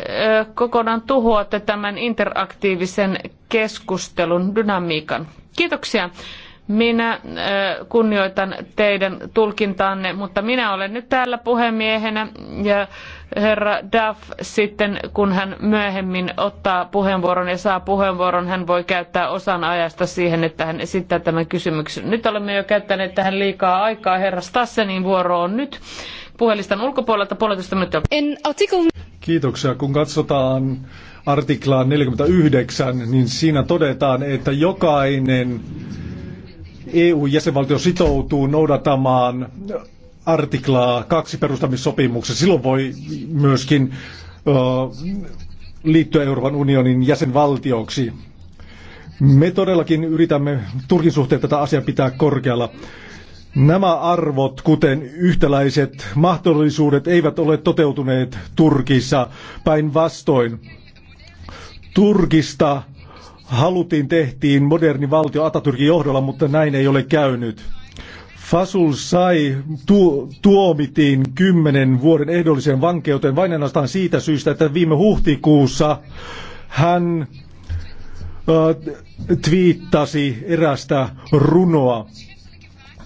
kokonaan tuhoatte tämän interaktiivisen keskustelun dynamiikan. Kiitoksia. Minä äh, kunnioitan teidän tulkintaanne, mutta minä olen nyt täällä puhemiehenä ja herra Duff sitten, kun hän myöhemmin ottaa puheenvuoron ja saa puheenvuoron, hän voi käyttää osan ajasta siihen, että hän esittää tämän kysymyksen. Nyt olemme jo käyttäneet tähän liikaa aikaa. Herra Stassenin vuoro on nyt puhelistan ulkopuolelta puolitoista minuuttia. Kiitoksia. Kun katsotaan artiklaa 49, niin siinä todetaan, että jokainen EU-jäsenvaltio sitoutuu noudatamaan artiklaa kaksi perustamissopimuksessa, silloin voi myöskin ö, liittyä Euroopan unionin jäsenvaltioksi. Me todellakin yritämme Turkin suhteen tätä asiaa pitää korkealla. Nämä arvot, kuten yhtäläiset mahdollisuudet, eivät ole toteutuneet Turkissa päinvastoin. Turkista haluttiin tehtiin moderni valtio Atatürkin johdolla, mutta näin ei ole käynyt. Fasul sai tu- tuomitiin kymmenen vuoden ehdolliseen vankeuteen vain ainoastaan siitä syystä, että viime huhtikuussa hän äh, twiittasi erästä runoa.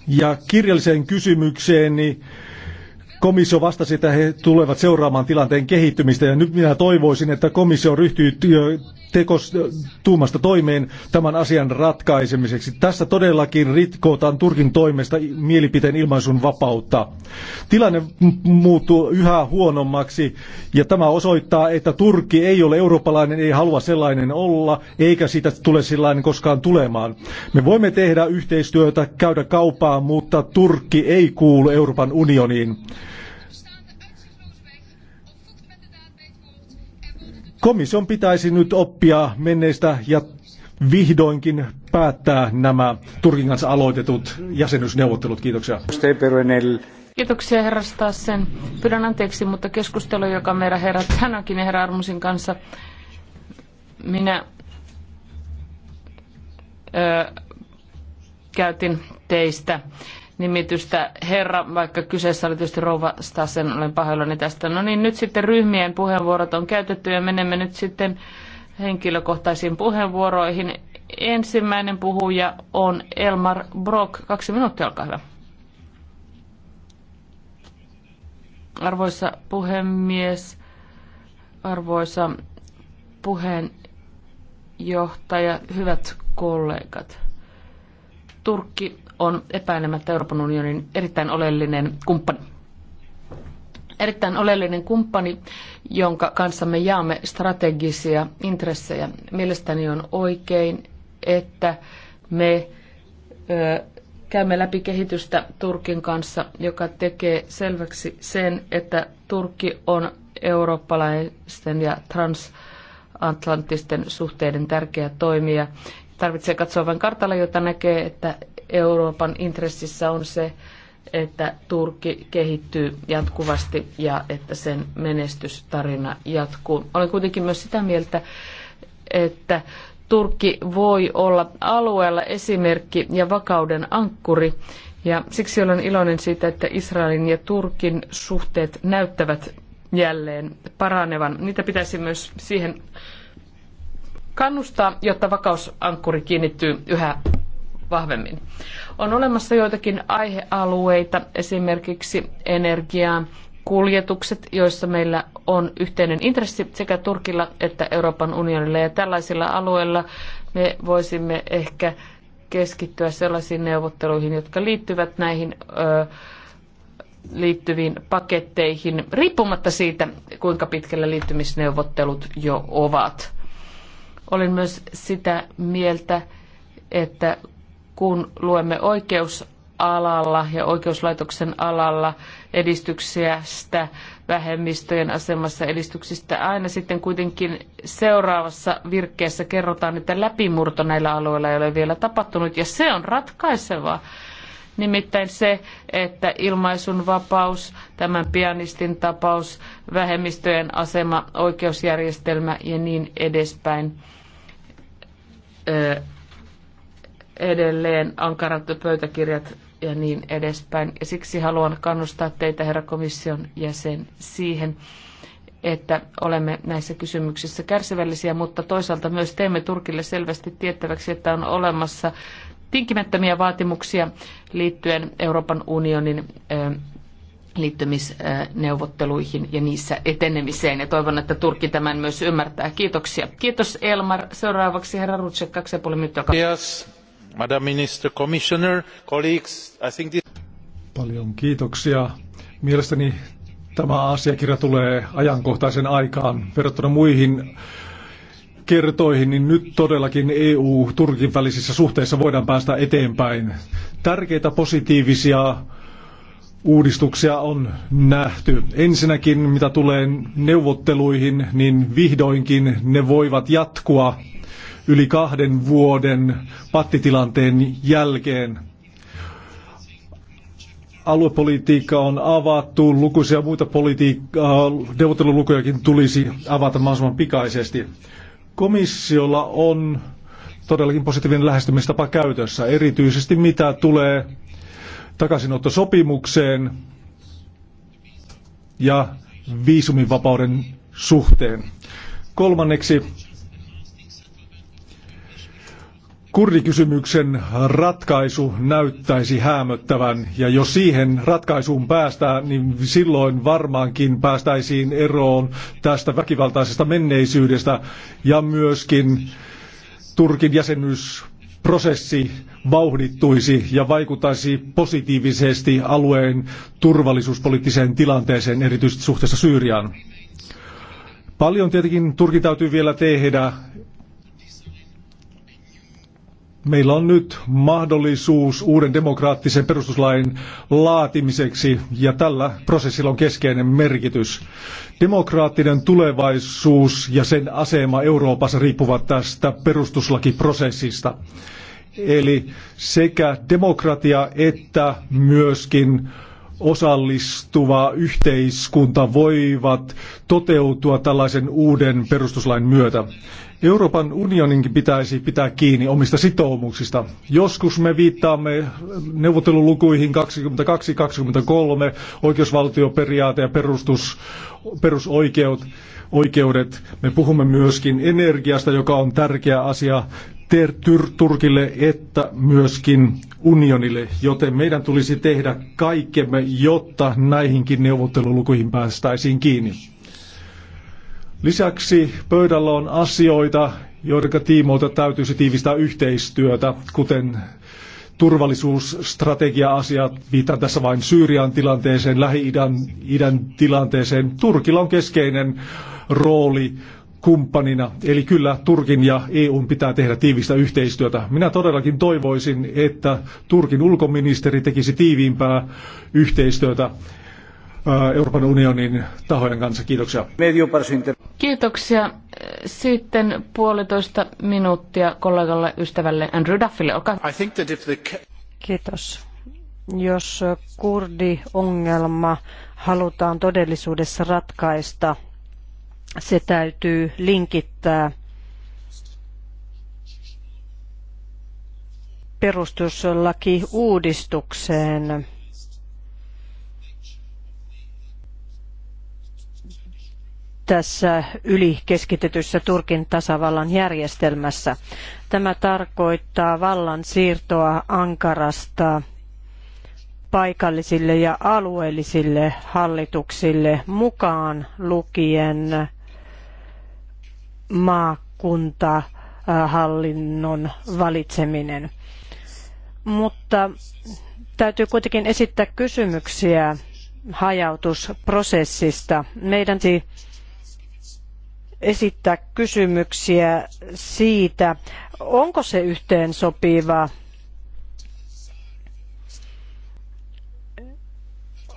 Ja kirjalliseen kysymykseen niin komissio vastasi, että he tulevat seuraamaan tilanteen kehittymistä. Ja nyt minä toivoisin, että komissio ryhtyy tekos tuumasta toimeen tämän asian ratkaisemiseksi. Tässä todellakin rikotaan Turkin toimesta mielipiteen ilmaisun vapautta. Tilanne muuttuu yhä huonommaksi ja tämä osoittaa, että Turkki ei ole eurooppalainen, ei halua sellainen olla, eikä siitä tule sellainen koskaan tulemaan. Me voimme tehdä yhteistyötä, käydä kauppaa, mutta Turkki ei kuulu Euroopan unioniin. Komission pitäisi nyt oppia menneistä ja vihdoinkin päättää nämä Turkin kanssa aloitetut jäsenyysneuvottelut. Kiitoksia. Kiitoksia herra Stassen. Pyydän anteeksi, mutta keskustelu, joka meidän herra Tänakin ja herra Armusin kanssa, minä ö, käytin teistä nimitystä herra, vaikka kyseessä oli tietysti rouva Stassen, olen pahoillani tästä. No niin, nyt sitten ryhmien puheenvuorot on käytetty ja menemme nyt sitten henkilökohtaisiin puheenvuoroihin. Ensimmäinen puhuja on Elmar Brock. Kaksi minuuttia, olkaa hyvä. Arvoisa puhemies, arvoisa puheenjohtaja, hyvät kollegat. Turkki on epäilemättä Euroopan unionin erittäin oleellinen kumppani. Erittäin oleellinen kumppani, jonka kanssa me jaamme strategisia intressejä. Mielestäni on oikein, että me ö, käymme läpi kehitystä Turkin kanssa, joka tekee selväksi sen, että Turkki on eurooppalaisten ja transatlanttisten suhteiden tärkeä toimija. Tarvitsee katsoa vain kartalla, jota näkee, että Euroopan intressissä on se, että Turkki kehittyy jatkuvasti ja että sen menestystarina jatkuu. Olen kuitenkin myös sitä mieltä, että Turkki voi olla alueella esimerkki ja vakauden ankkuri. Ja siksi olen iloinen siitä, että Israelin ja Turkin suhteet näyttävät jälleen paranevan. Niitä pitäisi myös siihen kannustaa, jotta vakausankkuri kiinnittyy yhä vahvemmin. On olemassa joitakin aihealueita, esimerkiksi energiaa, kuljetukset, joissa meillä on yhteinen intressi sekä Turkilla että Euroopan unionilla. Ja tällaisilla alueilla me voisimme ehkä keskittyä sellaisiin neuvotteluihin, jotka liittyvät näihin ö, liittyviin paketteihin, riippumatta siitä, kuinka pitkällä liittymisneuvottelut jo ovat. Olin myös sitä mieltä, että kun luemme oikeusalalla ja oikeuslaitoksen alalla edistyksestä, vähemmistöjen asemassa edistyksistä, aina sitten kuitenkin seuraavassa virkkeessä kerrotaan, että läpimurto näillä alueilla ei ole vielä tapahtunut, ja se on ratkaisevaa. Nimittäin se, että ilmaisun vapaus, tämän pianistin tapaus, vähemmistöjen asema, oikeusjärjestelmä ja niin edespäin. Öö, edelleen Ankarat-pöytäkirjat ja niin edespäin. Ja siksi haluan kannustaa teitä, herra komission jäsen, siihen, että olemme näissä kysymyksissä kärsivällisiä, mutta toisaalta myös teemme Turkille selvästi tiettäväksi, että on olemassa tinkimättömiä vaatimuksia liittyen Euroopan unionin liittymisneuvotteluihin ja niissä etenemiseen. Ja toivon, että Turkki tämän myös ymmärtää. Kiitoksia. Kiitos Elmar. Seuraavaksi herra Rutsek, kaksi ja puoli minuuttia. Madam Minister, Commissioner, colleagues, I think this... Paljon kiitoksia. Mielestäni tämä asiakirja tulee ajankohtaisen aikaan verrattuna muihin kertoihin, niin nyt todellakin EU-Turkin välisissä suhteissa voidaan päästä eteenpäin. Tärkeitä positiivisia uudistuksia on nähty. Ensinnäkin, mitä tulee neuvotteluihin, niin vihdoinkin ne voivat jatkua yli kahden vuoden pattitilanteen jälkeen. Aluepolitiikka on avattu, lukuisia muita politiikkaa, neuvottelulukujakin tulisi avata mahdollisimman pikaisesti. Komissiolla on todellakin positiivinen lähestymistapa käytössä, erityisesti mitä tulee takaisinottosopimukseen ja viisumivapauden suhteen. Kolmanneksi Kurdikysymyksen ratkaisu näyttäisi hämöttävän, ja jos siihen ratkaisuun päästään, niin silloin varmaankin päästäisiin eroon tästä väkivaltaisesta menneisyydestä ja myöskin Turkin jäsenyysprosessi vauhdittuisi ja vaikuttaisi positiivisesti alueen turvallisuuspoliittiseen tilanteeseen, erityisesti suhteessa Syyriaan. Paljon tietenkin Turkin täytyy vielä tehdä Meillä on nyt mahdollisuus uuden demokraattisen perustuslain laatimiseksi ja tällä prosessilla on keskeinen merkitys. Demokraattinen tulevaisuus ja sen asema Euroopassa riippuvat tästä perustuslakiprosessista. Eli sekä demokratia että myöskin osallistuva yhteiskunta voivat toteutua tällaisen uuden perustuslain myötä. Euroopan unioninkin pitäisi pitää kiinni omista sitoumuksista. Joskus me viittaamme neuvottelulukuihin 22-23, oikeusvaltioperiaate ja perustus, perusoikeudet. Oikeudet. Me puhumme myöskin energiasta, joka on tärkeä asia Turkille että myöskin unionille, joten meidän tulisi tehdä kaikkemme, jotta näihinkin neuvottelulukuihin päästäisiin kiinni. Lisäksi pöydällä on asioita, joiden tiimoilta täytyisi tiivistää yhteistyötä, kuten turvallisuusstrategia-asiat, viitan tässä vain Syyrian tilanteeseen, Lähi-idän idän tilanteeseen. Turkilla on keskeinen rooli kumppanina, eli kyllä Turkin ja EUn pitää tehdä tiivistä yhteistyötä. Minä todellakin toivoisin, että Turkin ulkoministeri tekisi tiiviimpää yhteistyötä Äh, Euroopan unionin tahojen kanssa. Kiitoksia. Kiitoksia. Sitten puolitoista minuuttia kollegalle, ystävälle Andrew Duffille. Olkaa. The... Kiitos. Jos kurdiongelma halutaan todellisuudessa ratkaista, se täytyy linkittää perustuslaki uudistukseen. tässä ylikeskitetyssä Turkin tasavallan järjestelmässä. Tämä tarkoittaa vallan siirtoa Ankarasta paikallisille ja alueellisille hallituksille mukaan lukien maakuntahallinnon valitseminen. Mutta täytyy kuitenkin esittää kysymyksiä hajautusprosessista. Meidän esittää kysymyksiä siitä, onko se yhteensopiva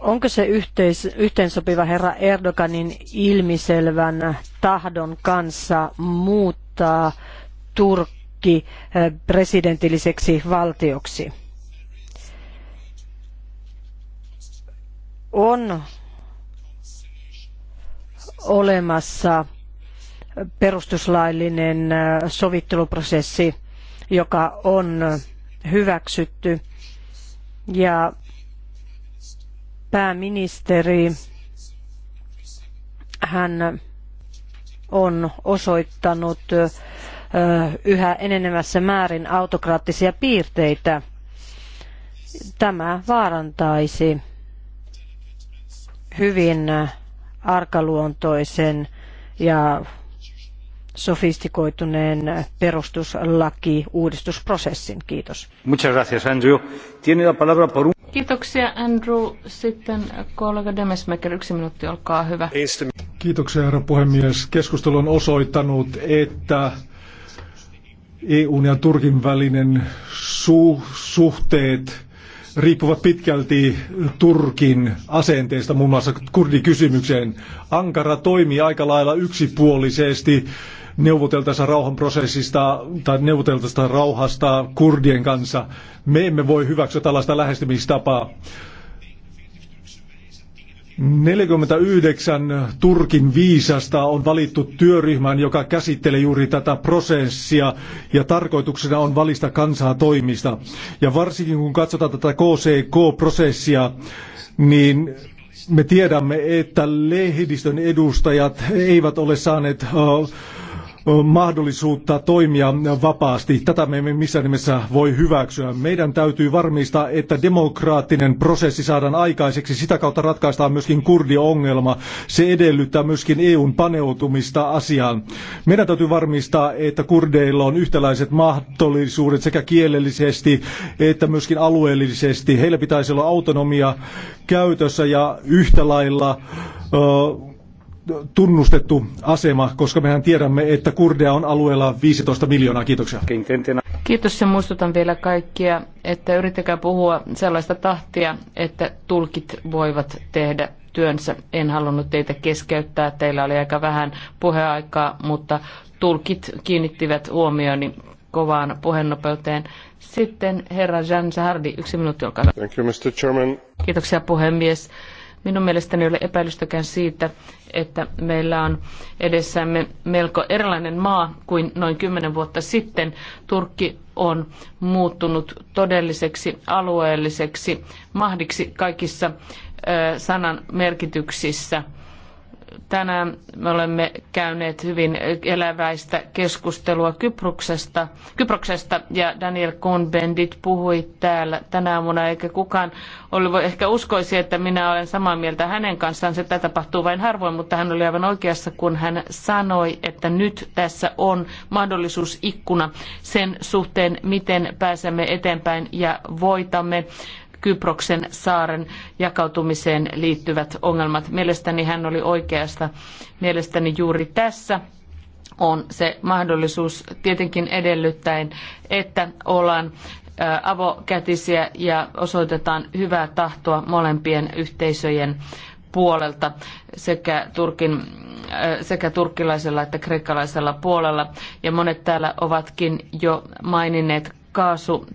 onko se yhteis, yhteensopiva herra Erdoganin ilmiselvän tahdon kanssa muuttaa Turkki eh, presidentilliseksi valtioksi? On olemassa perustuslaillinen äh, sovitteluprosessi, joka on hyväksytty. Ja pääministeri, hän on osoittanut äh, yhä enenevässä määrin autokraattisia piirteitä. Tämä vaarantaisi hyvin äh, arkaluontoisen ja sofistikoituneen perustuslaki uudistusprosessin. Kiitos. Muchas gracias, Andrew. Tiene la palabra por un... Kiitoksia, Andrew. Sitten kollega Demesmaker, yksi minuutti, olkaa hyvä. Kiitoksia, herra puhemies. Keskustelu on osoittanut, että EUn ja Turkin välinen su- suhteet riippuvat pitkälti Turkin asenteista, muun muassa kurdikysymykseen. Ankara toimii aika lailla yksipuolisesti neuvoteltaessa rauhanprosessista tai neuvoteltaessa rauhasta kurdien kanssa. Me emme voi hyväksyä tällaista lähestymistapaa. 49 Turkin viisasta on valittu työryhmään, joka käsittelee juuri tätä prosessia ja tarkoituksena on valista kansaa toimista. Ja varsinkin kun katsotaan tätä KCK-prosessia, niin me tiedämme, että lehdistön edustajat eivät ole saaneet uh, mahdollisuutta toimia vapaasti. Tätä me emme missään nimessä voi hyväksyä. Meidän täytyy varmistaa, että demokraattinen prosessi saadaan aikaiseksi. Sitä kautta ratkaistaan myöskin kurdiongelma. Se edellyttää myöskin EUn paneutumista asiaan. Meidän täytyy varmistaa, että kurdeilla on yhtäläiset mahdollisuudet sekä kielellisesti että myöskin alueellisesti. Heillä pitäisi olla autonomia käytössä ja yhtä lailla tunnustettu asema, koska mehän tiedämme, että kurdeja on alueella 15 miljoonaa. Kiitoksia. Kiitos ja muistutan vielä kaikkia, että yrittäkää puhua sellaista tahtia, että tulkit voivat tehdä työnsä. En halunnut teitä keskeyttää, teillä oli aika vähän puheaikaa, mutta tulkit kiinnittivät huomioni kovaan puhenopeuteen. Sitten herra Jean Sahardi, yksi minuutti, olkaa hyvä. Thank you, Mr. Chairman. Kiitoksia puhemies. Minun mielestäni ei ole epäilystäkään siitä, että meillä on edessämme melko erilainen maa kuin noin kymmenen vuotta sitten. Turkki on muuttunut todelliseksi alueelliseksi mahdiksi kaikissa sanan merkityksissä – tänään me olemme käyneet hyvin eläväistä keskustelua Kyproksesta, Kyproksesta ja Daniel Cohn-Bendit puhui täällä tänä aamuna, eikä kukaan ole, ehkä uskoisi, että minä olen samaa mieltä hänen kanssaan. Se tapahtuu vain harvoin, mutta hän oli aivan oikeassa, kun hän sanoi, että nyt tässä on mahdollisuusikkuna sen suhteen, miten pääsemme eteenpäin ja voitamme Kyproksen saaren jakautumiseen liittyvät ongelmat. Mielestäni hän oli oikeasta. Mielestäni juuri tässä on se mahdollisuus tietenkin edellyttäen, että ollaan avokätisiä ja osoitetaan hyvää tahtoa molempien yhteisöjen puolelta sekä, Turkin, sekä turkkilaisella että kreikkalaisella puolella. Ja monet täällä ovatkin jo maininneet kaasu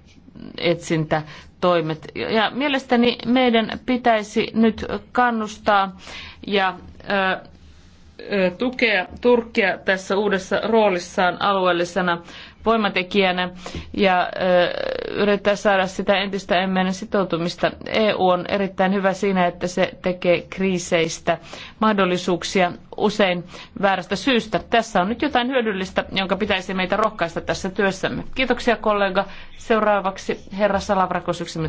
etsintätoimet. Ja mielestäni meidän pitäisi nyt kannustaa ja tukea Turkkia tässä uudessa roolissaan alueellisena voimatekijänä ja yrittää saada sitä entistä enemmän sitoutumista. EU on erittäin hyvä siinä, että se tekee kriiseistä mahdollisuuksia usein väärästä syystä. Tässä on nyt jotain hyödyllistä, jonka pitäisi meitä rohkaista tässä työssämme. Kiitoksia kollega. Seuraavaksi herra Salavrakos yksi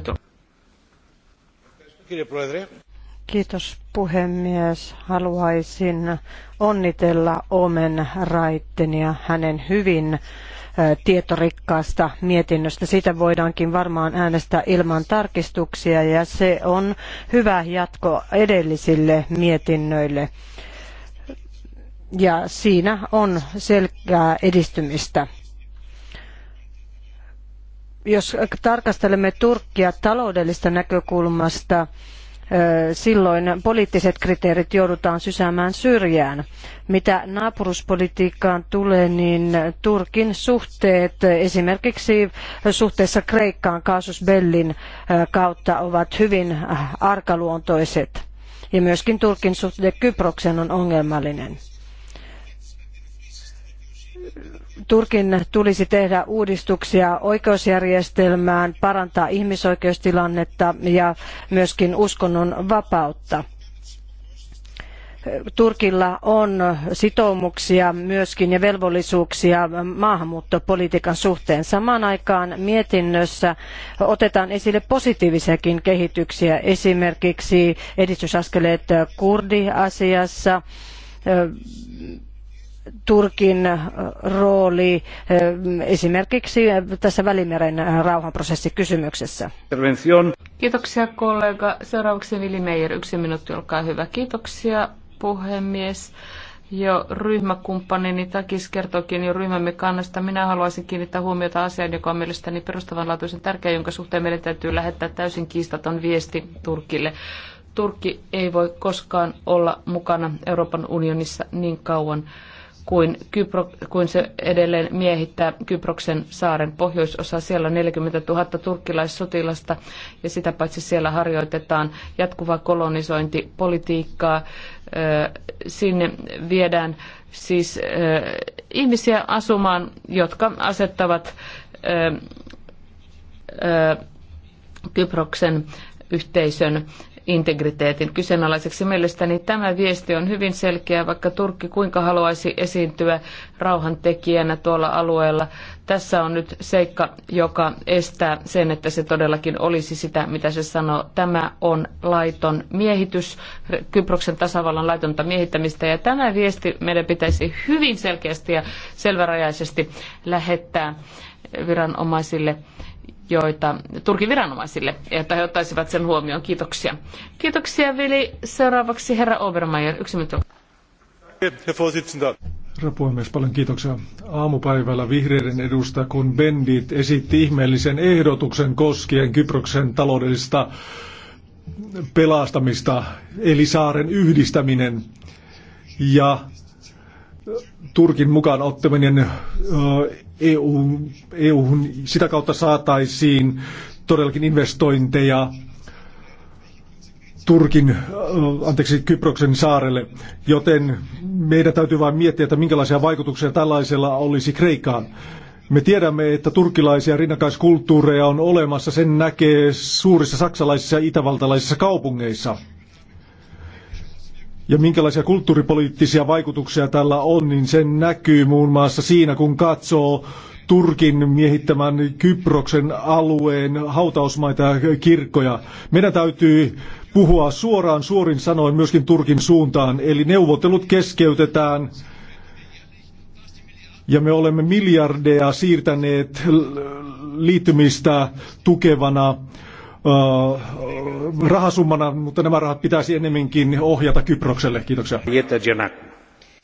Kiitos puhemies. Haluaisin onnitella Omen Raittenia hänen hyvin tietorikkaasta mietinnöstä. Sitä voidaankin varmaan äänestää ilman tarkistuksia ja se on hyvä jatko edellisille mietinnöille. Ja siinä on selkeää edistymistä jos tarkastelemme Turkkia taloudellisesta näkökulmasta, silloin poliittiset kriteerit joudutaan sysäämään syrjään. Mitä naapuruspolitiikkaan tulee, niin Turkin suhteet esimerkiksi suhteessa Kreikkaan Kaasus Bellin kautta ovat hyvin äh, arkaluontoiset. Ja myöskin Turkin suhde Kyproksen on ongelmallinen. Turkin tulisi tehdä uudistuksia oikeusjärjestelmään, parantaa ihmisoikeustilannetta ja myöskin uskonnon vapautta. Turkilla on sitoumuksia myöskin ja velvollisuuksia maahanmuuttopolitiikan suhteen. Samaan aikaan mietinnössä otetaan esille positiivisiakin kehityksiä, esimerkiksi edistysaskeleet kurdiasiassa, Turkin äh, rooli äh, esimerkiksi äh, tässä Välimeren rauhanprosessikysymyksessä. Kiitoksia kollega. Seuraavaksi Vili Meijer, yksi minuutti, olkaa hyvä. Kiitoksia puhemies. Jo ryhmäkumppanini Takis kertoikin jo ryhmämme kannasta. Minä haluaisin kiinnittää huomiota asiaan, joka on mielestäni perustavanlaatuisen tärkeä, jonka suhteen meidän täytyy lähettää täysin kiistaton viesti Turkille. Turkki ei voi koskaan olla mukana Euroopan unionissa niin kauan kuin, Kypro, kuin se edelleen miehittää Kyproksen saaren pohjoisosa. Siellä on 40 000 turkkilaissotilasta ja sitä paitsi siellä harjoitetaan jatkuvaa kolonisointipolitiikkaa. Sinne viedään siis ihmisiä asumaan, jotka asettavat Kyproksen yhteisön integriteetin kyseenalaiseksi. Mielestäni tämä viesti on hyvin selkeä, vaikka Turkki kuinka haluaisi esiintyä rauhantekijänä tuolla alueella. Tässä on nyt seikka, joka estää sen, että se todellakin olisi sitä, mitä se sanoo. Tämä on laiton miehitys, Kyproksen tasavallan laitonta miehittämistä. Ja tämä viesti meidän pitäisi hyvin selkeästi ja selvärajaisesti lähettää viranomaisille joita Turkin viranomaisille, että he ottaisivat sen huomioon. Kiitoksia. Kiitoksia Vili. Seuraavaksi herra Obermeier. Yksi minuutti. Herra puhemies, paljon kiitoksia. Aamupäivällä vihreiden edustaja kun Bendit esitti ihmeellisen ehdotuksen koskien Kyproksen taloudellista pelastamista, eli saaren yhdistäminen ja Turkin mukaan ottaminen EU, EU sitä kautta saataisiin todellakin investointeja Turkin, anteeksi, Kyproksen saarelle, joten meidän täytyy vain miettiä, että minkälaisia vaikutuksia tällaisella olisi Kreikkaan. Me tiedämme, että turkilaisia rinnakaiskulttuureja on olemassa, sen näkee suurissa saksalaisissa ja itävaltalaisissa kaupungeissa ja minkälaisia kulttuuripoliittisia vaikutuksia tällä on, niin sen näkyy muun muassa siinä, kun katsoo Turkin miehittämän Kyproksen alueen hautausmaita ja kirkkoja. Meidän täytyy puhua suoraan suorin sanoin myöskin Turkin suuntaan, eli neuvottelut keskeytetään ja me olemme miljardeja siirtäneet liittymistä tukevana Äh, rahasummana, mutta nämä rahat pitäisi ennemminkin ohjata Kyprokselle. Kiitoksia.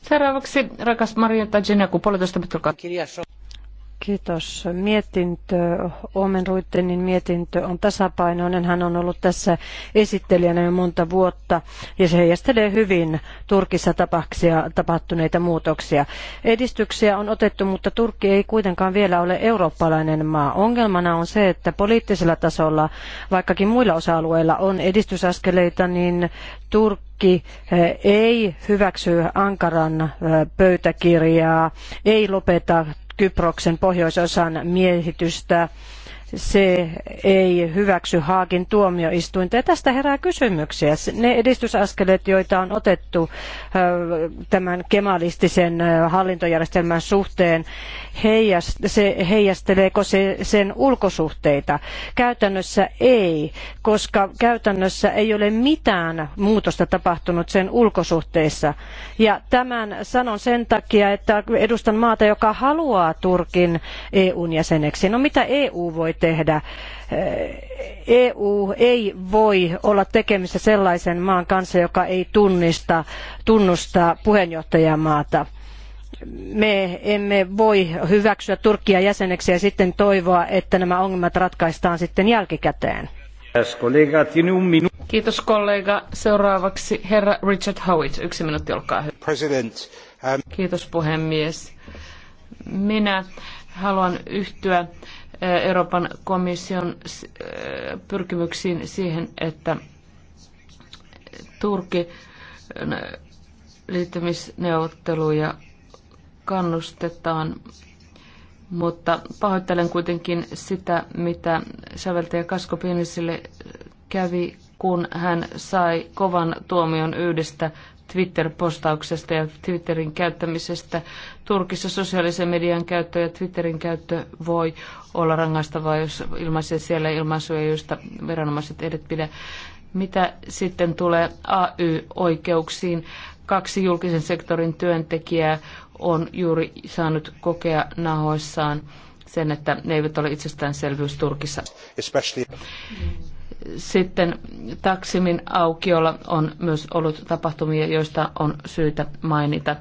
Seuraavaksi rakas Marietta Genaku, puolitoista metriä. Kiitos. Mietintö, Omen Ruittenin mietintö on tasapainoinen. Hän on ollut tässä esittelijänä jo monta vuotta ja se heijastelee hyvin Turkissa tapaksia, tapahtuneita muutoksia. Edistyksiä on otettu, mutta Turkki ei kuitenkaan vielä ole eurooppalainen maa. Ongelmana on se, että poliittisella tasolla, vaikkakin muilla osa-alueilla on edistysaskeleita, niin Turkki eh, ei hyväksy Ankaran eh, pöytäkirjaa, ei lopeta Kyproksen pohjoisosan miehitystä se ei hyväksy Haagin tuomioistuinta. Ja tästä herää kysymyksiä. Ne edistysaskeleet, joita on otettu tämän kemalistisen hallintojärjestelmän suhteen, se heijasteleeko se sen ulkosuhteita? Käytännössä ei, koska käytännössä ei ole mitään muutosta tapahtunut sen ulkosuhteissa. Ja tämän sanon sen takia, että edustan maata, joka haluaa Turkin eu jäseneksi. No mitä EU voi tehdä. EU ei voi olla tekemissä sellaisen maan kanssa, joka ei tunnista, tunnusta puheenjohtajamaata me emme voi hyväksyä Turkkia jäseneksi ja sitten toivoa, että nämä ongelmat ratkaistaan sitten jälkikäteen. Kiitos kollega. Seuraavaksi herra Richard Howitt. Yksi minuutti, olkaa hyvä. President, um- Kiitos puhemies. Minä haluan yhtyä Euroopan komission äh, pyrkimyksiin siihen, että Turkki äh, liittymisneuvotteluja kannustetaan, mutta pahoittelen kuitenkin sitä, mitä säveltäjä Kasko Pienisille kävi, kun hän sai kovan tuomion yhdestä Twitter-postauksesta ja Twitterin käyttämisestä. Turkissa sosiaalisen median käyttö ja Twitterin käyttö voi olla rangaistavaa, jos ilmaisee siellä ilmaisuja, joista viranomaiset edet pidä. Mitä sitten tulee AY-oikeuksiin? Kaksi julkisen sektorin työntekijää on juuri saanut kokea nahoissaan sen, että ne eivät ole itsestäänselvyys Turkissa. Especially sitten Taksimin aukiolla on myös ollut tapahtumia, joista on syytä mainita.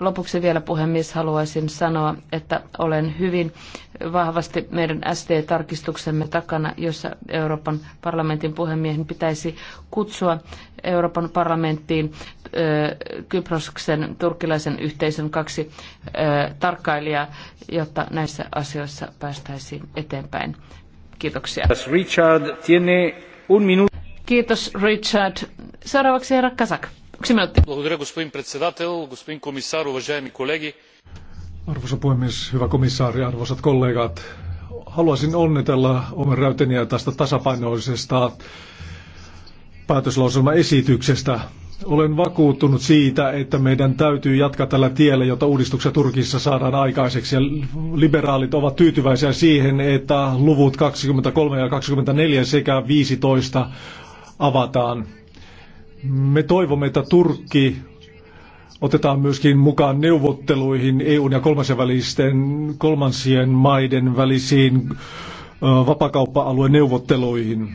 Lopuksi vielä puhemies haluaisin sanoa, että olen hyvin vahvasti meidän SD-tarkistuksemme takana, jossa Euroopan parlamentin puhemiehen pitäisi kutsua Euroopan parlamenttiin Kyproksen turkkilaisen yhteisön kaksi tarkkailijaa, jotta näissä asioissa päästäisiin eteenpäin. Kiitoksia. Richard tiene un minuut. Kiitos Richard. Seuraavaksi herra Kasak. Yksi minuutti. Благодаря, господин председател, господин уважаеми колеги. Arvoisa puhemies, hyvä komissaari, arvoisat kollegat. Haluaisin onnitella Omen Räyteniä tästä tasapainoisesta päätöslauselmaesityksestä. esityksestä olen vakuuttunut siitä, että meidän täytyy jatkaa tällä tiellä, jotta uudistuksia Turkissa saadaan aikaiseksi. Ja liberaalit ovat tyytyväisiä siihen, että luvut 23 ja 24 sekä 15 avataan. Me toivomme, että Turkki otetaan myöskin mukaan neuvotteluihin EUn ja kolmansien, välisten, kolmansien maiden välisiin vapakauppa-alueen neuvotteluihin.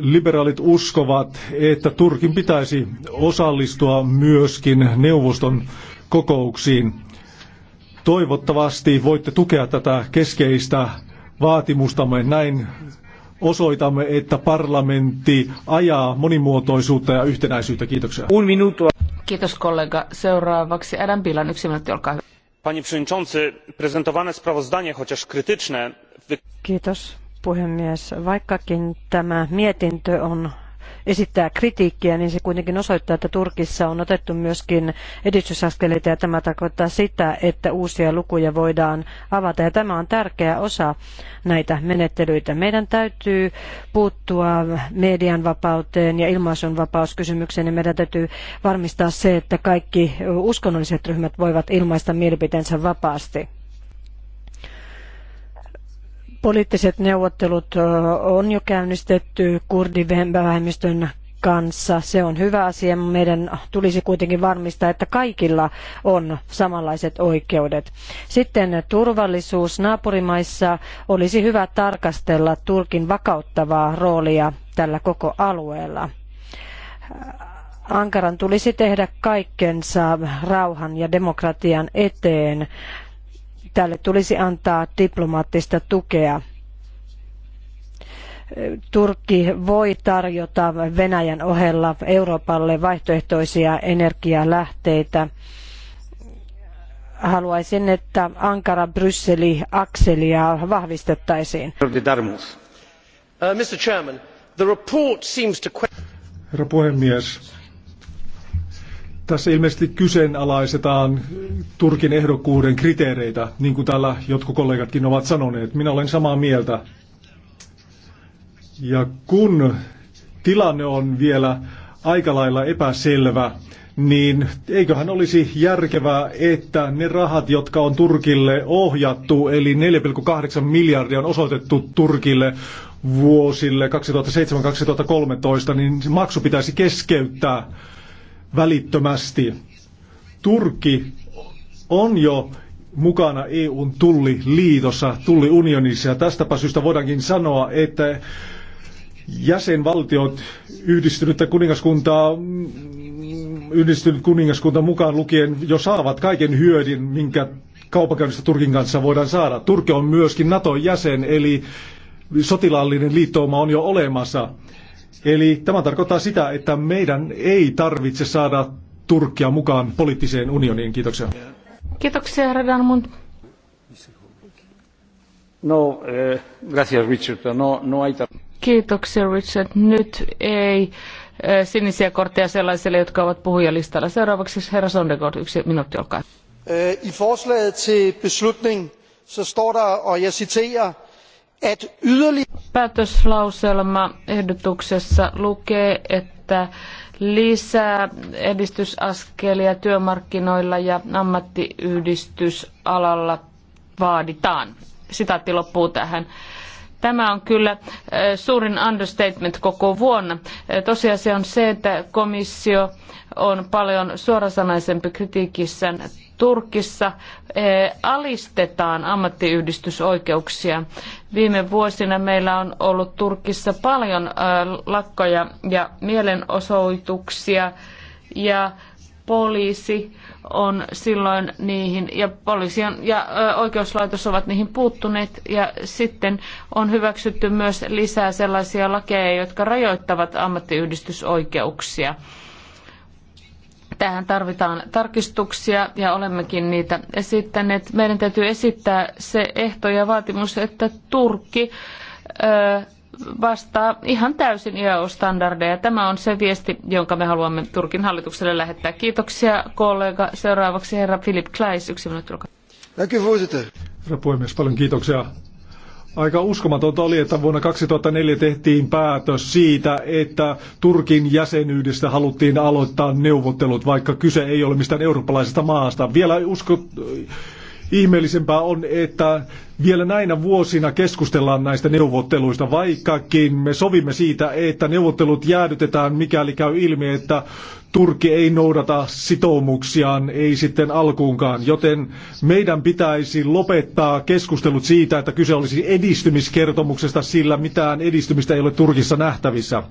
liberaalit uskovat, että Turkin pitäisi osallistua myöskin neuvoston kokouksiin. Toivottavasti voitte tukea tätä keskeistä vaatimustamme. Näin osoitamme, että parlamentti ajaa monimuotoisuutta ja yhtenäisyyttä. Kiitoksia. Un minuutto. Kiitos kollega. Seuraavaksi Adam Bilan. Yksi minuutti, olkaa hyvä. Panie przewodniczący, prezentowane sprawozdanie, chociaż krytyczne... Kiitos puhemies. Vaikkakin tämä mietintö on esittää kritiikkiä, niin se kuitenkin osoittaa, että Turkissa on otettu myöskin edistysaskeleita ja tämä tarkoittaa sitä, että uusia lukuja voidaan avata ja tämä on tärkeä osa näitä menettelyitä. Meidän täytyy puuttua median vapauteen ja ilmaisun vapauskysymykseen ja meidän täytyy varmistaa se, että kaikki uskonnolliset ryhmät voivat ilmaista mielipiteensä vapaasti. Poliittiset neuvottelut on jo käynnistetty kurdivähemmistön kanssa. Se on hyvä asia. Meidän tulisi kuitenkin varmistaa, että kaikilla on samanlaiset oikeudet. Sitten turvallisuus naapurimaissa olisi hyvä tarkastella Turkin vakauttavaa roolia tällä koko alueella. Ankaran tulisi tehdä kaikkensa rauhan ja demokratian eteen Tälle tulisi antaa diplomaattista tukea. Turkki voi tarjota Venäjän ohella Euroopalle vaihtoehtoisia energialähteitä. Haluaisin, että Ankara-Brysseli-akselia vahvistettaisiin. Herra puhemies, tässä ilmeisesti kyseenalaisetaan Turkin ehdokkuuden kriteereitä, niin kuin täällä jotkut kollegatkin ovat sanoneet. Minä olen samaa mieltä. Ja kun tilanne on vielä aika lailla epäselvä, niin eiköhän olisi järkevää, että ne rahat, jotka on Turkille ohjattu, eli 4,8 miljardia on osoitettu Turkille vuosille 2007-2013, niin maksu pitäisi keskeyttää välittömästi. Turkki on jo mukana EUn tulliliitossa, tulliunionissa ja tästäpä syystä voidaankin sanoa, että jäsenvaltiot yhdistynyttä kuningaskuntaa yhdistynyt kuningaskunta mukaan lukien jo saavat kaiken hyödyn, minkä kaupankäynnistä Turkin kanssa voidaan saada. Turkki on myöskin NATO jäsen, eli sotilaallinen liittouma on jo olemassa. Eli tämä tarkoittaa sitä, että meidän ei tarvitse saada Turkkia mukaan poliittiseen unioniin. Kiitoksia. Kiitoksia, Radanmund. No, eh, gracias, Richard. No, no hay... Kiitoksia, Richard. Nyt ei eh, sinisiä kortteja sellaisille, jotka ovat puhujalistalla. Seuraavaksi herra Sondegård, yksi minuutti, olkaa. Eh, I forslaget til beslutning, så står der, og jeg citerer, Päätöslauselma ehdotuksessa lukee, että lisää edistysaskelia työmarkkinoilla ja ammattiyhdistysalalla vaaditaan. Sitaatti loppuu tähän. Tämä on kyllä suurin understatement koko vuonna. Tosiasia on se, että komissio on paljon suorasanaisempi kritiikissään Turkissa alistetaan ammattiyhdistysoikeuksia Viime vuosina meillä on ollut Turkissa paljon lakkoja ja mielenosoituksia ja poliisi on silloin niihin ja poliisi on, ja oikeuslaitos ovat niihin puuttuneet ja sitten on hyväksytty myös lisää sellaisia lakeja, jotka rajoittavat ammattiyhdistysoikeuksia. Tähän tarvitaan tarkistuksia ja olemmekin niitä esittäneet. Meidän täytyy esittää se ehto ja vaatimus, että Turkki vastaa ihan täysin eu standardeja Tämä on se viesti, jonka me haluamme Turkin hallitukselle lähettää. Kiitoksia kollega. Seuraavaksi herra Philip Kleis, yksi minuutti. Herra puhemies, paljon kiitoksia. Aika uskomatonta oli, että vuonna 2004 tehtiin päätös siitä, että Turkin jäsenyydestä haluttiin aloittaa neuvottelut, vaikka kyse ei ole mistään eurooppalaisesta maasta. Vielä usko, Ihmeellisempää on, että vielä näinä vuosina keskustellaan näistä neuvotteluista, vaikkakin me sovimme siitä, että neuvottelut jäädytetään, mikäli käy ilmi, että Turkki ei noudata sitoumuksiaan, ei sitten alkuunkaan. Joten meidän pitäisi lopettaa keskustelut siitä, että kyse olisi edistymiskertomuksesta, sillä mitään edistymistä ei ole Turkissa nähtävissä.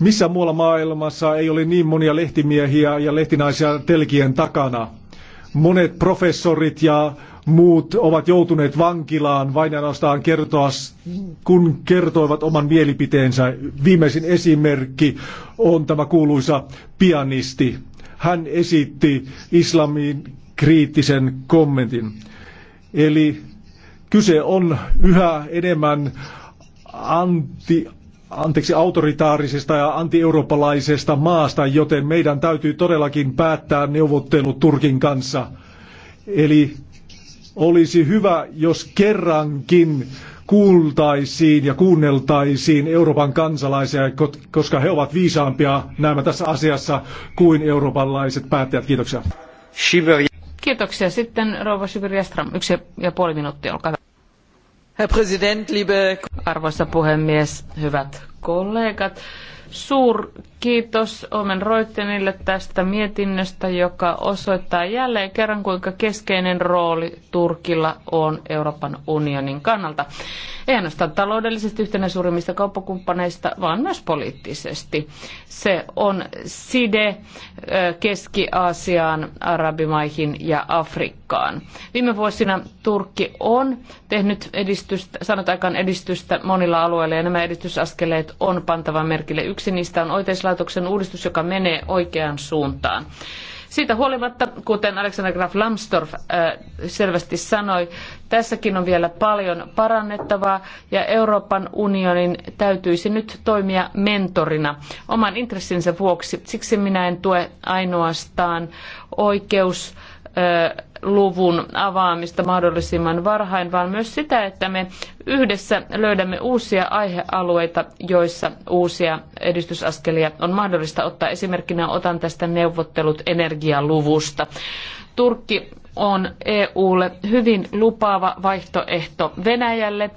Missä muualla maailmassa ei ole niin monia lehtimiehiä ja lehtinaisia telkien takana? Monet professorit ja muut ovat joutuneet vankilaan vain ainoastaan kertoa, kun kertoivat oman mielipiteensä. Viimeisin esimerkki on tämä kuuluisa pianisti. Hän esitti islamin kriittisen kommentin. Eli kyse on yhä enemmän anti anteeksi, autoritaarisesta ja antieurooppalaisesta maasta, joten meidän täytyy todellakin päättää neuvottelut Turkin kanssa. Eli olisi hyvä, jos kerrankin kuultaisiin ja kuunneltaisiin Euroopan kansalaisia, koska he ovat viisaampia nämä tässä asiassa kuin eurooppalaiset päättäjät. Kiitoksia. Kiitoksia. Sitten rouva Siviri Estram, yksi ja puoli minuuttia, olkaa hyvä. Arvoisa puhemies, hyvät kollegat. Suur kiitos Omen Roittenille tästä mietinnöstä, joka osoittaa jälleen kerran, kuinka keskeinen rooli Turkilla on Euroopan unionin kannalta. Ei ainoastaan taloudellisesti yhtenä suurimmista kauppakumppaneista, vaan myös poliittisesti. Se on side Keski-Aasiaan, Arabimaihin ja Afrikkaan. Viime vuosina Turkki on tehnyt edistystä, sanotaan edistystä monilla alueilla ja nämä edistysaskeleet aloitteet on pantava merkille. Yksi niistä on oikeuslaitoksen uudistus, joka menee oikeaan suuntaan. Siitä huolimatta, kuten Alexander Graf Lambsdorff äh, selvästi sanoi, tässäkin on vielä paljon parannettavaa ja Euroopan unionin täytyisi nyt toimia mentorina oman intressinsä vuoksi. Siksi minä en tue ainoastaan oikeus äh, luvun avaamista mahdollisimman varhain, vaan myös sitä, että me yhdessä löydämme uusia aihealueita, joissa uusia edistysaskelia on mahdollista ottaa. Esimerkkinä otan tästä neuvottelut energialuvusta. Turkki on EUlle hyvin lupaava vaihtoehto Venäjälle.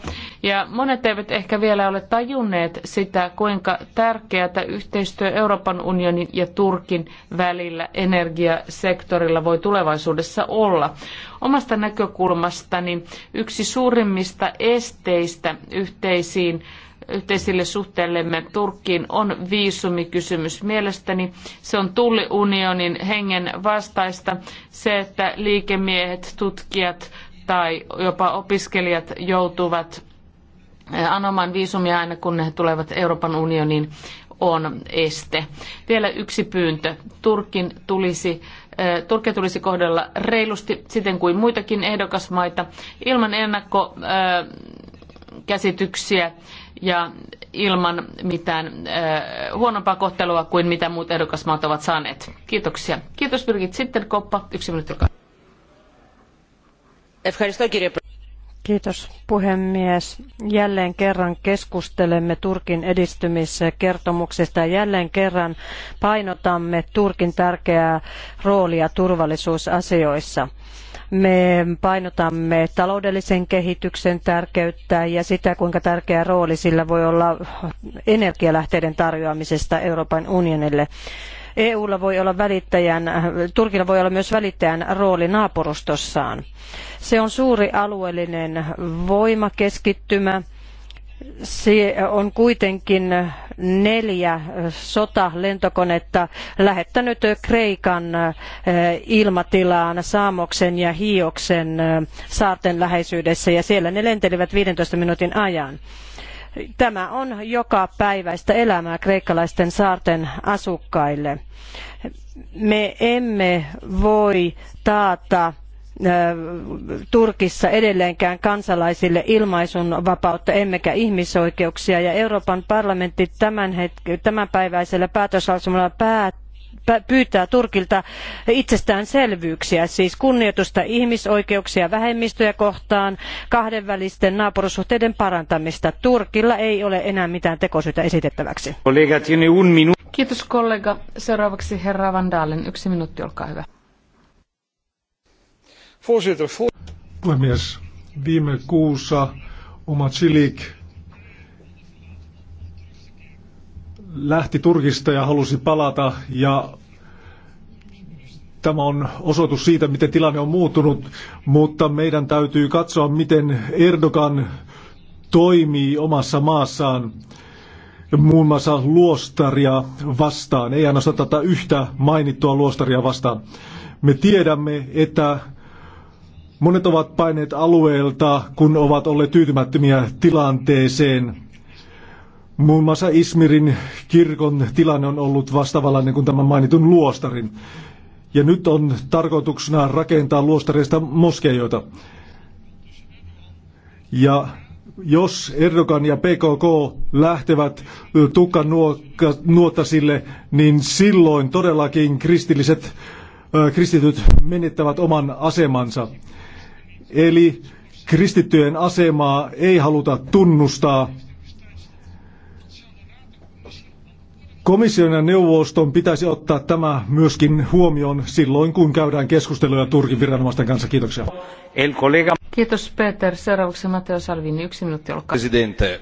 Ja monet eivät ehkä vielä ole tajunneet sitä, kuinka tärkeää yhteistyö Euroopan unionin ja Turkin välillä energiasektorilla voi tulevaisuudessa olla. Omasta näkökulmastani yksi suurimmista esteistä yhteisiin yhteisille suhteillemme Turkkiin on viisumikysymys. Mielestäni se on tulliunionin hengen vastaista se, että liikemiehet, tutkijat tai jopa opiskelijat joutuvat eh, anomaan viisumia aina kun he tulevat Euroopan unioniin on este. Vielä yksi pyyntö. Turkin tulisi eh, Turkia tulisi kohdella reilusti siten kuin muitakin ehdokasmaita ilman ennakkokäsityksiä eh, ja ilman mitään äh, huonompaa kohtelua kuin mitä muut ehdokasmaat ovat saaneet. Kiitoksia. Kiitos Birgit. Sitten Koppa, yksi minuutti. Kiitos puhemies. Jälleen kerran keskustelemme Turkin edistymiskertomuksesta ja jälleen kerran painotamme Turkin tärkeää roolia turvallisuusasioissa. Me painotamme taloudellisen kehityksen tärkeyttä ja sitä, kuinka tärkeä rooli sillä voi olla energialähteiden tarjoamisesta Euroopan unionille. EUlla voi olla välittäjän, Turkilla voi olla myös välittäjän rooli naapurustossaan. Se on suuri alueellinen voimakeskittymä on kuitenkin neljä sotalentokonetta lähettänyt Kreikan ilmatilaan Saamoksen ja Hioksen saarten läheisyydessä ja siellä ne lentelivät 15 minuutin ajan. Tämä on jokapäiväistä elämää kreikkalaisten saarten asukkaille. Me emme voi taata Turkissa edelleenkään kansalaisille ilmaisun vapautta emmekä ihmisoikeuksia. Ja Euroopan parlamentti tämän hetk- tämänpäiväisellä päätöslausumalla päättää pyytää Turkilta itsestäänselvyyksiä, siis kunnioitusta ihmisoikeuksia vähemmistöjä kohtaan, kahdenvälisten naapurussuhteiden parantamista. Turkilla ei ole enää mitään tekosyitä esitettäväksi. Kiitos kollega. Seuraavaksi herra Van Yksi minuutti, olkaa hyvä. Puhemies, viime kuussa Oma Chilik lähti Turkista ja halusi palata ja tämä on osoitus siitä, miten tilanne on muuttunut, mutta meidän täytyy katsoa, miten Erdogan toimii omassa maassaan muun muassa luostaria vastaan, ei ainoastaan tätä yhtä mainittua luostaria vastaan. Me tiedämme, että Monet ovat paineet alueelta, kun ovat olleet tyytymättömiä tilanteeseen. Muun muassa Ismirin kirkon tilanne on ollut vastaavanlainen kuin tämän mainitun luostarin. Ja nyt on tarkoituksena rakentaa luostareista moskeijoita. Ja jos Erdogan ja PKK lähtevät tukkan sille, niin silloin todellakin kristilliset kristityt menettävät oman asemansa. Eli kristittyjen asemaa ei haluta tunnustaa. Komission ja neuvoston pitäisi ottaa tämä myöskin huomioon silloin, kun käydään keskusteluja Turkin viranomaisten kanssa. Kiitoksia. El Kiitos Peter. Seuraavaksi Matteo Salvini. Yksi minuutti, olkaa. Presidente,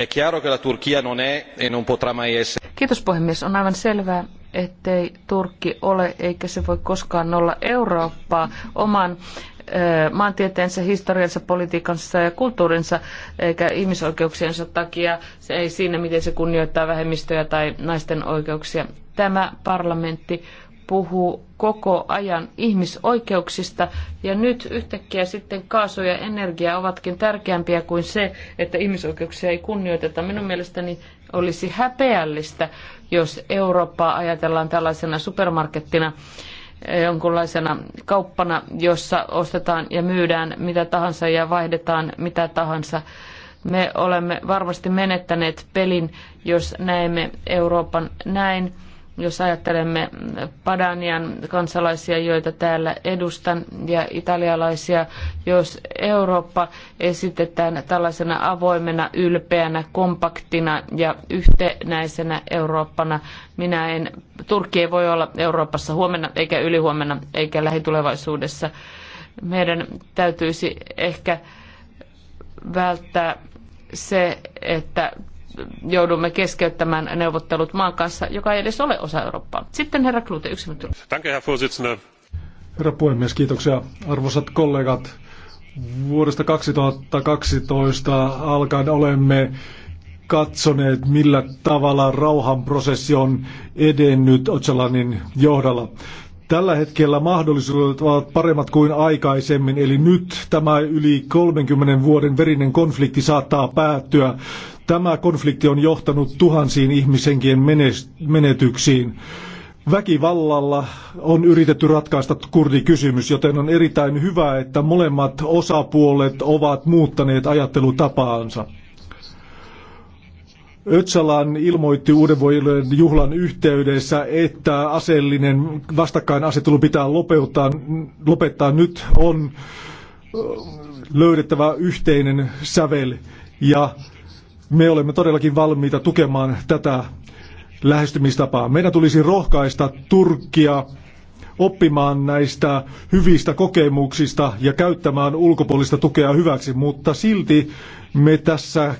è chiaro che la Turchia non è e non potrà mai essere... Kiitos puhemies. On aivan selvää, ettei Turkki ole eikä se voi koskaan olla Eurooppaa oman maantieteensä, historiansa, politiikansa ja kulttuurinsa eikä ihmisoikeuksiensa takia. Se ei siinä, miten se kunnioittaa vähemmistöjä tai naisten oikeuksia. Tämä parlamentti puhuu koko ajan ihmisoikeuksista ja nyt yhtäkkiä sitten kaasu ja energia ovatkin tärkeämpiä kuin se, että ihmisoikeuksia ei kunnioiteta. Minun mielestäni olisi häpeällistä, jos Eurooppaa ajatellaan tällaisena supermarkettina jonkunlaisena kauppana, jossa ostetaan ja myydään mitä tahansa ja vaihdetaan mitä tahansa. Me olemme varmasti menettäneet pelin, jos näemme Euroopan näin. Jos ajattelemme Padanian kansalaisia, joita täällä edustan, ja italialaisia, jos Eurooppa esitetään tällaisena avoimena, ylpeänä, kompaktina ja yhtenäisenä Eurooppana, minä en, Turkki ei voi olla Euroopassa huomenna, eikä ylihuomenna, eikä lähitulevaisuudessa. Meidän täytyisi ehkä välttää se, että joudumme keskeyttämään neuvottelut maan kanssa, joka ei edes ole osa Eurooppaa. Sitten herra Klute, yksi minuutti. Herra puhemies, kiitoksia. Arvoisat kollegat, vuodesta 2012 alkaen olemme katsoneet, millä tavalla rauhanprosessi on edennyt ocelanin johdolla. Tällä hetkellä mahdollisuudet ovat paremmat kuin aikaisemmin, eli nyt tämä yli 30 vuoden verinen konflikti saattaa päättyä. Tämä konflikti on johtanut tuhansiin ihmisenkin menetyksiin. Väkivallalla on yritetty ratkaista kurdikysymys, joten on erittäin hyvä, että molemmat osapuolet ovat muuttaneet ajattelutapaansa. Öcalan ilmoitti uuden vuoden juhlan yhteydessä, että aseellinen vastakkainasettelu pitää lopettaa, lopettaa. Nyt on löydettävä yhteinen sävel ja me olemme todellakin valmiita tukemaan tätä lähestymistapaa. Meidän tulisi rohkaista Turkkia oppimaan näistä hyvistä kokemuksista ja käyttämään ulkopuolista tukea hyväksi, mutta silti me tässä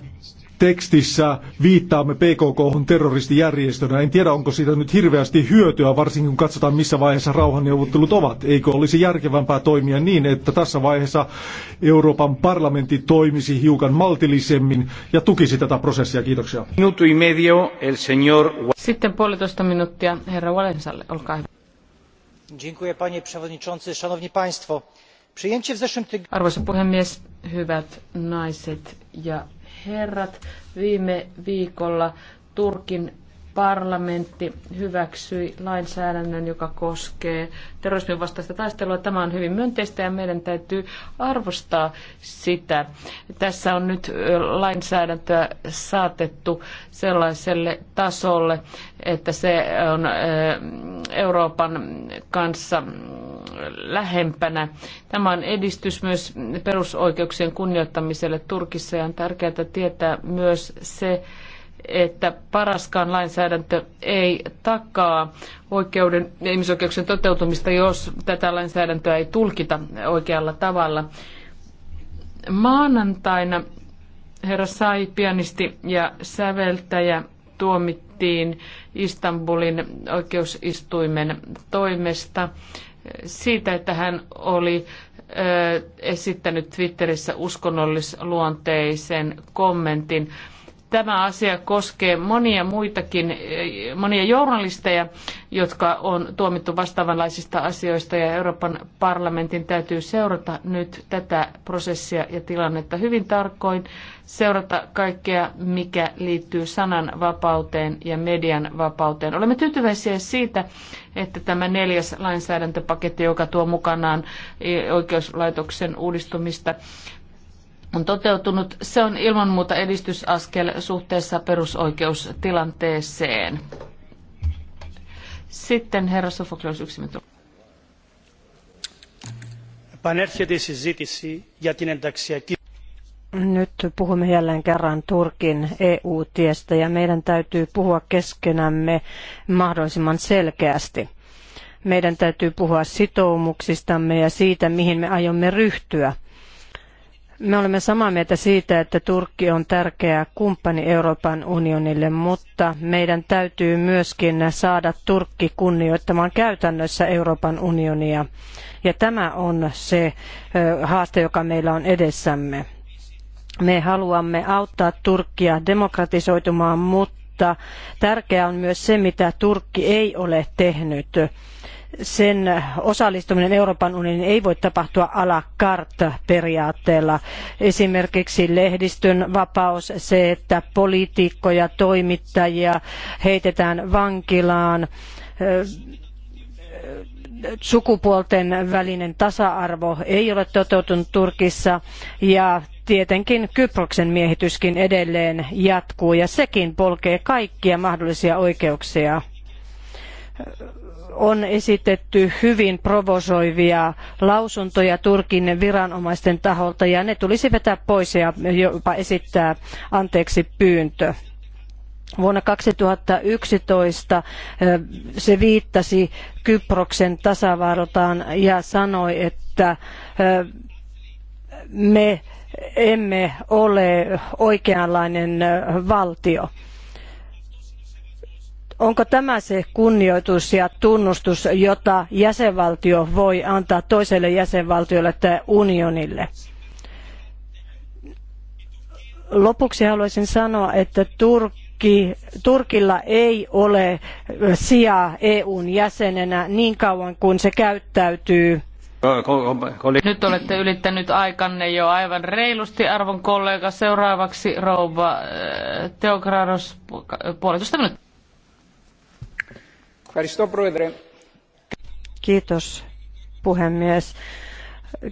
tekstissä viittaamme PKK terroristijärjestönä. En tiedä, onko siitä nyt hirveästi hyötyä, varsinkin kun katsotaan, missä vaiheessa rauhanneuvottelut ovat. Eikö olisi järkevämpää toimia niin, että tässä vaiheessa Euroopan parlamentti toimisi hiukan maltillisemmin ja tukisi tätä prosessia? Kiitoksia. Sitten puolitoista minuuttia herra Walensalle, olkaa hyvä. Dziękuję, panie przewodniczący, szanowni państwo. Arvoisa puhemies, hyvät naiset ja herrat, viime viikolla Turkin parlamentti hyväksyi lainsäädännön, joka koskee terrorismin vastaista taistelua. Tämä on hyvin myönteistä ja meidän täytyy arvostaa sitä. Tässä on nyt lainsäädäntöä saatettu sellaiselle tasolle, että se on Euroopan kanssa lähempänä. Tämä on edistys myös perusoikeuksien kunnioittamiselle Turkissa ja on tärkeää tietää myös se, että paraskaan lainsäädäntö ei takaa oikeuden ja ihmisoikeuksien toteutumista, jos tätä lainsäädäntöä ei tulkita oikealla tavalla. Maanantaina herra Sai, pianisti ja säveltäjä, tuomittiin Istanbulin oikeusistuimen toimesta siitä, että hän oli esittänyt Twitterissä uskonnollisluonteisen kommentin. Tämä asia koskee monia muitakin, monia journalisteja, jotka on tuomittu vastaavanlaisista asioista ja Euroopan parlamentin täytyy seurata nyt tätä prosessia ja tilannetta hyvin tarkoin, seurata kaikkea, mikä liittyy sananvapauteen ja median vapauteen. Olemme tyytyväisiä siitä, että tämä neljäs lainsäädäntöpaketti, joka tuo mukanaan oikeuslaitoksen uudistumista, on toteutunut. Se on ilman muuta edistysaskel suhteessa perusoikeustilanteeseen. Sitten herra Sofokleus, yksi minuutti. Πανέρχεται η συζήτηση για την ενταξιακή nyt puhumme jälleen kerran Turkin EU-tiestä ja meidän täytyy puhua keskenämme mahdollisimman selkeästi. Meidän täytyy puhua sitoumuksistamme ja siitä, mihin me aiomme ryhtyä. Me olemme samaa mieltä siitä, että Turkki on tärkeä kumppani Euroopan unionille, mutta meidän täytyy myöskin saada Turkki kunnioittamaan käytännössä Euroopan unionia. Ja tämä on se haaste, joka meillä on edessämme. Me haluamme auttaa Turkkia demokratisoitumaan, mutta tärkeää on myös se, mitä Turkki ei ole tehnyt sen osallistuminen Euroopan unioniin ei voi tapahtua a la carte periaatteella. Esimerkiksi lehdistön vapaus, se, että poliitikkoja, toimittajia heitetään vankilaan, sukupuolten välinen tasa-arvo ei ole toteutunut Turkissa ja tietenkin Kyproksen miehityskin edelleen jatkuu ja sekin polkee kaikkia mahdollisia oikeuksia. On esitetty hyvin provosoivia lausuntoja Turkin viranomaisten taholta ja ne tulisi vetää pois ja jopa esittää anteeksi pyyntö vuonna 2011 se viittasi Kyproksen tasavaltaan ja sanoi, että me emme ole oikeanlainen valtio. Onko tämä se kunnioitus ja tunnustus, jota jäsenvaltio voi antaa toiselle jäsenvaltiolle tai unionille? Lopuksi haluaisin sanoa, että Turkki Turkilla ei ole sijaa EUn jäsenenä niin kauan kuin se käyttäytyy nyt olette ylittänyt aikanne jo aivan reilusti, arvon kollega. Seuraavaksi rouva Teokraros, puolitoista minuuttia. Kiitos, puhemies.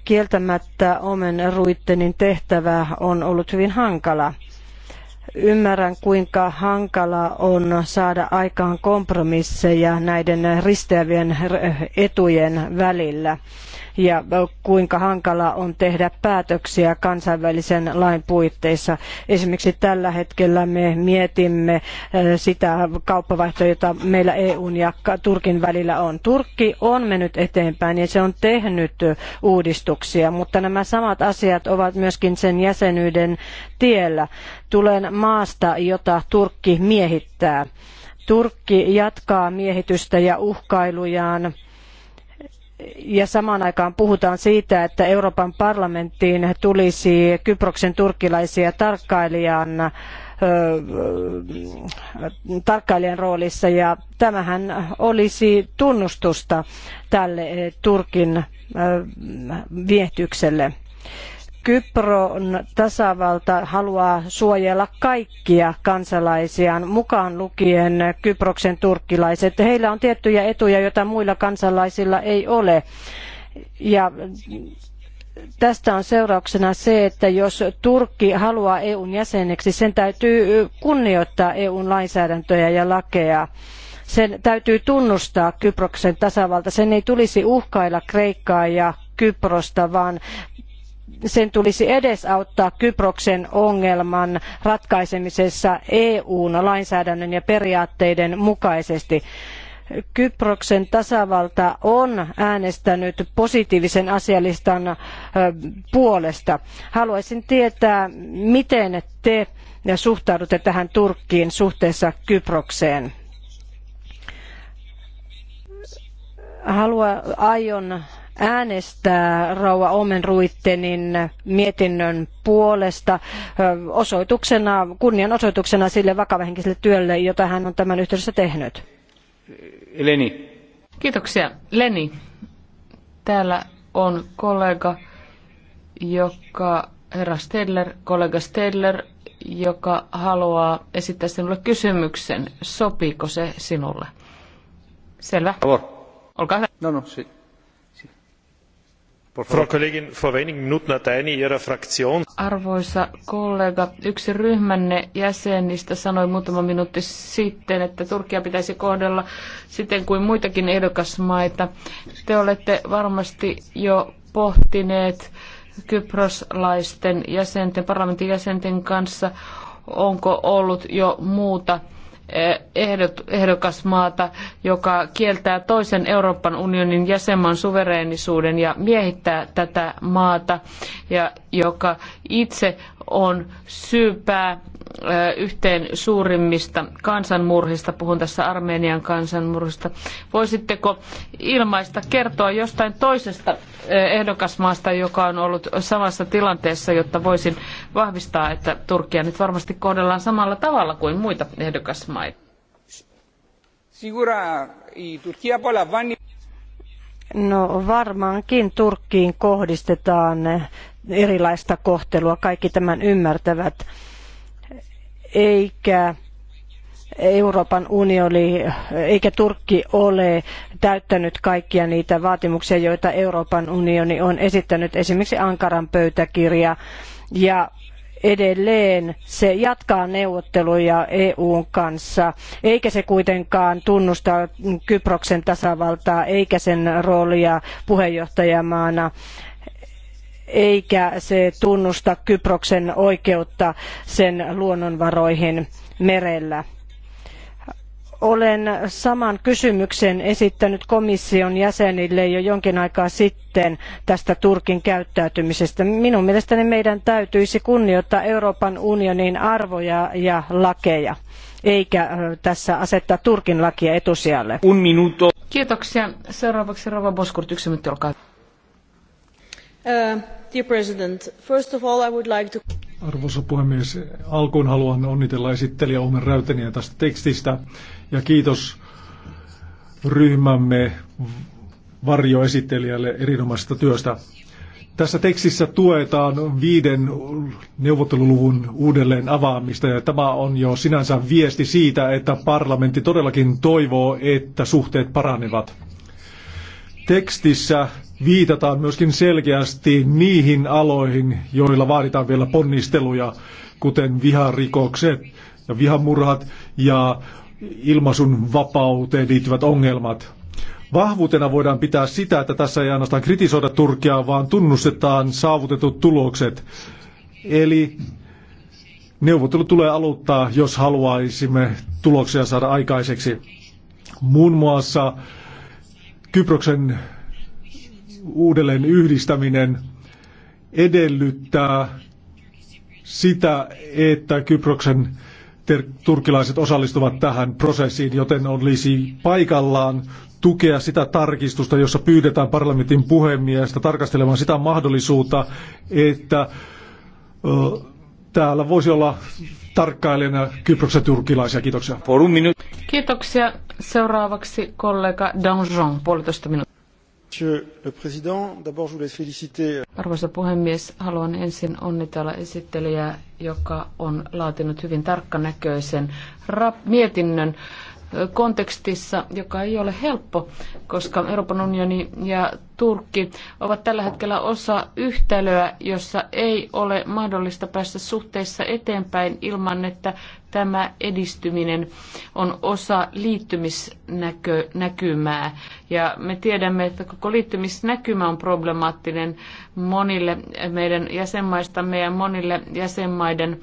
Kieltämättä Omen Ruittenin tehtävä on ollut hyvin hankala. Ymmärrän, kuinka hankala on saada aikaan kompromisseja näiden risteävien etujen välillä ja kuinka hankalaa on tehdä päätöksiä kansainvälisen lain puitteissa. Esimerkiksi tällä hetkellä me mietimme eh, sitä kauppavaihtoa, jota meillä EUn ja Turkin välillä on. Turkki on mennyt eteenpäin ja se on tehnyt uudistuksia, mutta nämä samat asiat ovat myöskin sen jäsenyyden tiellä. Tulen maasta, jota Turkki miehittää. Turkki jatkaa miehitystä ja uhkailujaan ja samaan aikaan puhutaan siitä, että Euroopan parlamenttiin tulisi Kyproksen turkkilaisia tarkkailijan tarkkailijan roolissa ja tämähän olisi tunnustusta tälle Turkin viehtykselle. Kypron tasavalta haluaa suojella kaikkia kansalaisiaan, mukaan lukien Kyproksen turkkilaiset. Heillä on tiettyjä etuja, joita muilla kansalaisilla ei ole. Ja tästä on seurauksena se, että jos Turkki haluaa EUn jäseneksi, sen täytyy kunnioittaa EUn lainsäädäntöä ja lakeja. Sen täytyy tunnustaa Kyproksen tasavalta. Sen ei tulisi uhkailla Kreikkaa ja Kyprosta, vaan sen tulisi edesauttaa Kyproksen ongelman ratkaisemisessa EUn lainsäädännön ja periaatteiden mukaisesti. Kyproksen tasavalta on äänestänyt positiivisen asialistan puolesta. Haluaisin tietää, miten te suhtaudutte tähän Turkkiin suhteessa Kyprokseen. Halua, aion äänestää Rauha Omenruittenin mietinnön puolesta osoituksena, kunnianosoituksena sille vakavahenkiselle työlle, jota hän on tämän yhteydessä tehnyt. Leni. Kiitoksia. Leni, täällä on kollega, joka, herra Stedler, kollega Stedler, joka haluaa esittää sinulle kysymyksen. Sopiiko se sinulle? Selvä. Olkaa hyvä. No, no, si- Arvoisa kollega, yksi ryhmänne jäsenistä sanoi muutama minuutti sitten, että Turkia pitäisi kohdella siten kuin muitakin ehdokasmaita. Te olette varmasti jo pohtineet kyproslaisten jäsenten, parlamentin jäsenten kanssa, onko ollut jo muuta ehdokasmaata, joka kieltää toisen Euroopan unionin jäsenmaan suvereenisuuden ja miehittää tätä maata, ja joka itse on syypää yhteen suurimmista kansanmurhista. Puhun tässä Armenian kansanmurhista. Voisitteko ilmaista kertoa jostain toisesta ehdokasmaasta, joka on ollut samassa tilanteessa, jotta voisin vahvistaa, että Turkia nyt varmasti kohdellaan samalla tavalla kuin muita ehdokasmaita? No varmaankin Turkkiin kohdistetaan erilaista kohtelua. Kaikki tämän ymmärtävät. Eikä Euroopan unioni eikä Turkki ole täyttänyt kaikkia niitä vaatimuksia, joita Euroopan unioni on esittänyt, esimerkiksi Ankaran pöytäkirja. Ja edelleen se jatkaa neuvotteluja EUn kanssa, eikä se kuitenkaan tunnusta Kyproksen tasavaltaa eikä sen roolia puheenjohtajamaana eikä se tunnusta Kyproksen oikeutta sen luonnonvaroihin merellä. Olen saman kysymyksen esittänyt komission jäsenille jo jonkin aikaa sitten tästä Turkin käyttäytymisestä. Minun mielestäni meidän täytyisi kunnioittaa Euroopan unionin arvoja ja lakeja, eikä tässä asettaa Turkin lakia etusijalle. Kiitoksia. Seuraavaksi Rova Boskurt, yksi minuutti, olkaa Uh, Arvoisa puhemies, alkuun haluan onnitella esittelijä Omen Räyteniä tästä tekstistä ja kiitos ryhmämme varjoesittelijälle erinomaisesta työstä. Tässä tekstissä tuetaan viiden neuvotteluluvun uudelleen avaamista ja tämä on jo sinänsä viesti siitä, että parlamentti todellakin toivoo, että suhteet paranevat. Tekstissä viitataan myöskin selkeästi niihin aloihin, joilla vaaditaan vielä ponnisteluja, kuten viharikokset ja vihamurhat ja ilmaisun vapauteen liittyvät ongelmat. Vahvuutena voidaan pitää sitä, että tässä ei ainoastaan kritisoida Turkiaa, vaan tunnustetaan saavutetut tulokset. Eli neuvottelu tulee aloittaa, jos haluaisimme tuloksia saada aikaiseksi. Muun muassa Kyproksen uudelleen yhdistäminen edellyttää sitä, että Kyproksen turkilaiset osallistuvat tähän prosessiin, joten olisi paikallaan tukea sitä tarkistusta, jossa pyydetään parlamentin puhemiestä tarkastelemaan sitä mahdollisuutta, että täällä voisi olla tarkkailijana Kyproksen turkilaisia. Kiitoksia. Kiitoksia. Seuraavaksi kollega Danjon, puolitoista minuuttia. Euh, Arvoisa puhemies, haluan ensin onnitella esittelijää, joka on laatinut hyvin tarkkanäköisen mietinnön kontekstissa, joka ei ole helppo, koska Euroopan unioni ja Turkki ovat tällä hetkellä osa yhtälöä, jossa ei ole mahdollista päästä suhteissa eteenpäin ilman, että tämä edistyminen on osa liittymisnäkymää. Ja me tiedämme, että koko liittymisnäkymä on problemaattinen monille meidän jäsenmaistamme ja monille jäsenmaiden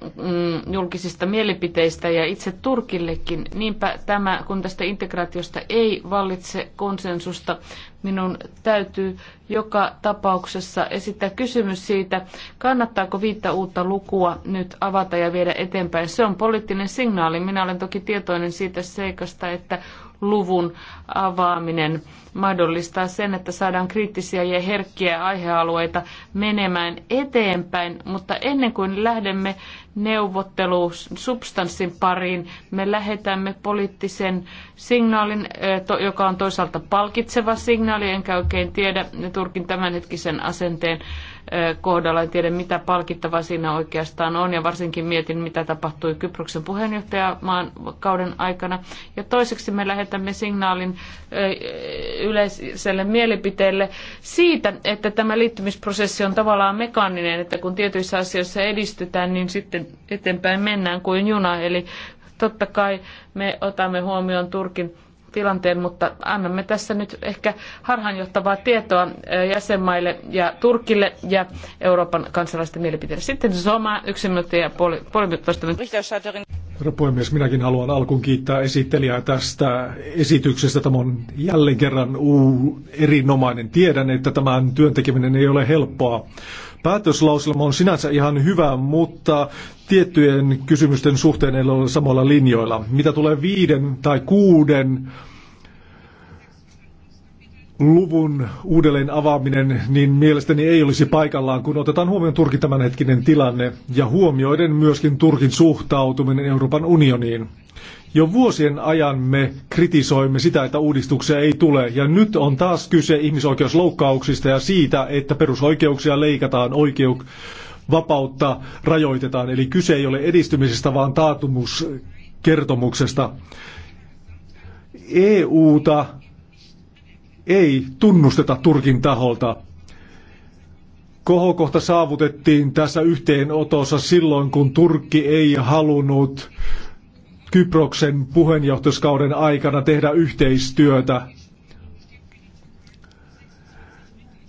Mm, julkisista mielipiteistä ja itse Turkillekin. Niinpä tämä, kun tästä integraatiosta ei vallitse konsensusta, minun täytyy joka tapauksessa esittää kysymys siitä, kannattaako viittä uutta lukua nyt avata ja viedä eteenpäin. Se on poliittinen signaali. Minä olen toki tietoinen siitä seikasta, että luvun avaaminen mahdollistaa sen, että saadaan kriittisiä ja herkkiä aihealueita menemään eteenpäin, mutta ennen kuin lähdemme neuvottelusubstanssin pariin, me lähetämme poliittisen signaalin, joka on toisaalta palkitseva signaali, enkä oikein tiedä Turkin tämänhetkisen asenteen kohdalla. En tiedä, mitä palkittavaa siinä oikeastaan on, ja varsinkin mietin, mitä tapahtui Kyproksen puheenjohtajamaan kauden aikana. Ja toiseksi me lähetämme signaalin yleiselle mielipiteelle siitä, että tämä liittymisprosessi on tavallaan mekaaninen, että kun tietyissä asioissa edistytään, niin sitten eteenpäin mennään kuin juna. Eli totta kai me otamme huomioon Turkin tilanteen, mutta annamme tässä nyt ehkä harhaanjohtavaa tietoa jäsenmaille ja Turkille ja Euroopan kansalaisten mielipiteille. Sitten Soma, yksi minuutti ja puoli, puoli minuuttia. Herra puhemies, minäkin haluan alkuun kiittää esittelijää tästä esityksestä. Tämä on jälleen kerran uu, erinomainen. Tiedän, että tämän työn tekeminen ei ole helppoa. Päätöslauselma on sinänsä ihan hyvä, mutta tiettyjen kysymysten suhteen ei ole samoilla linjoilla. Mitä tulee viiden tai kuuden luvun uudelleen avaaminen, niin mielestäni ei olisi paikallaan, kun otetaan huomioon Turkin tämänhetkinen tilanne ja huomioiden myöskin Turkin suhtautuminen Euroopan unioniin. Jo vuosien ajan me kritisoimme sitä, että uudistuksia ei tule, ja nyt on taas kyse ihmisoikeusloukkauksista ja siitä, että perusoikeuksia leikataan, oikeuk- vapautta rajoitetaan. Eli kyse ei ole edistymisestä, vaan taatumuskertomuksesta. EUta ei tunnusteta Turkin taholta. Kohokohta saavutettiin tässä yhteenotossa silloin, kun Turkki ei halunnut Kyproksen puheenjohtajuuskauden aikana tehdä yhteistyötä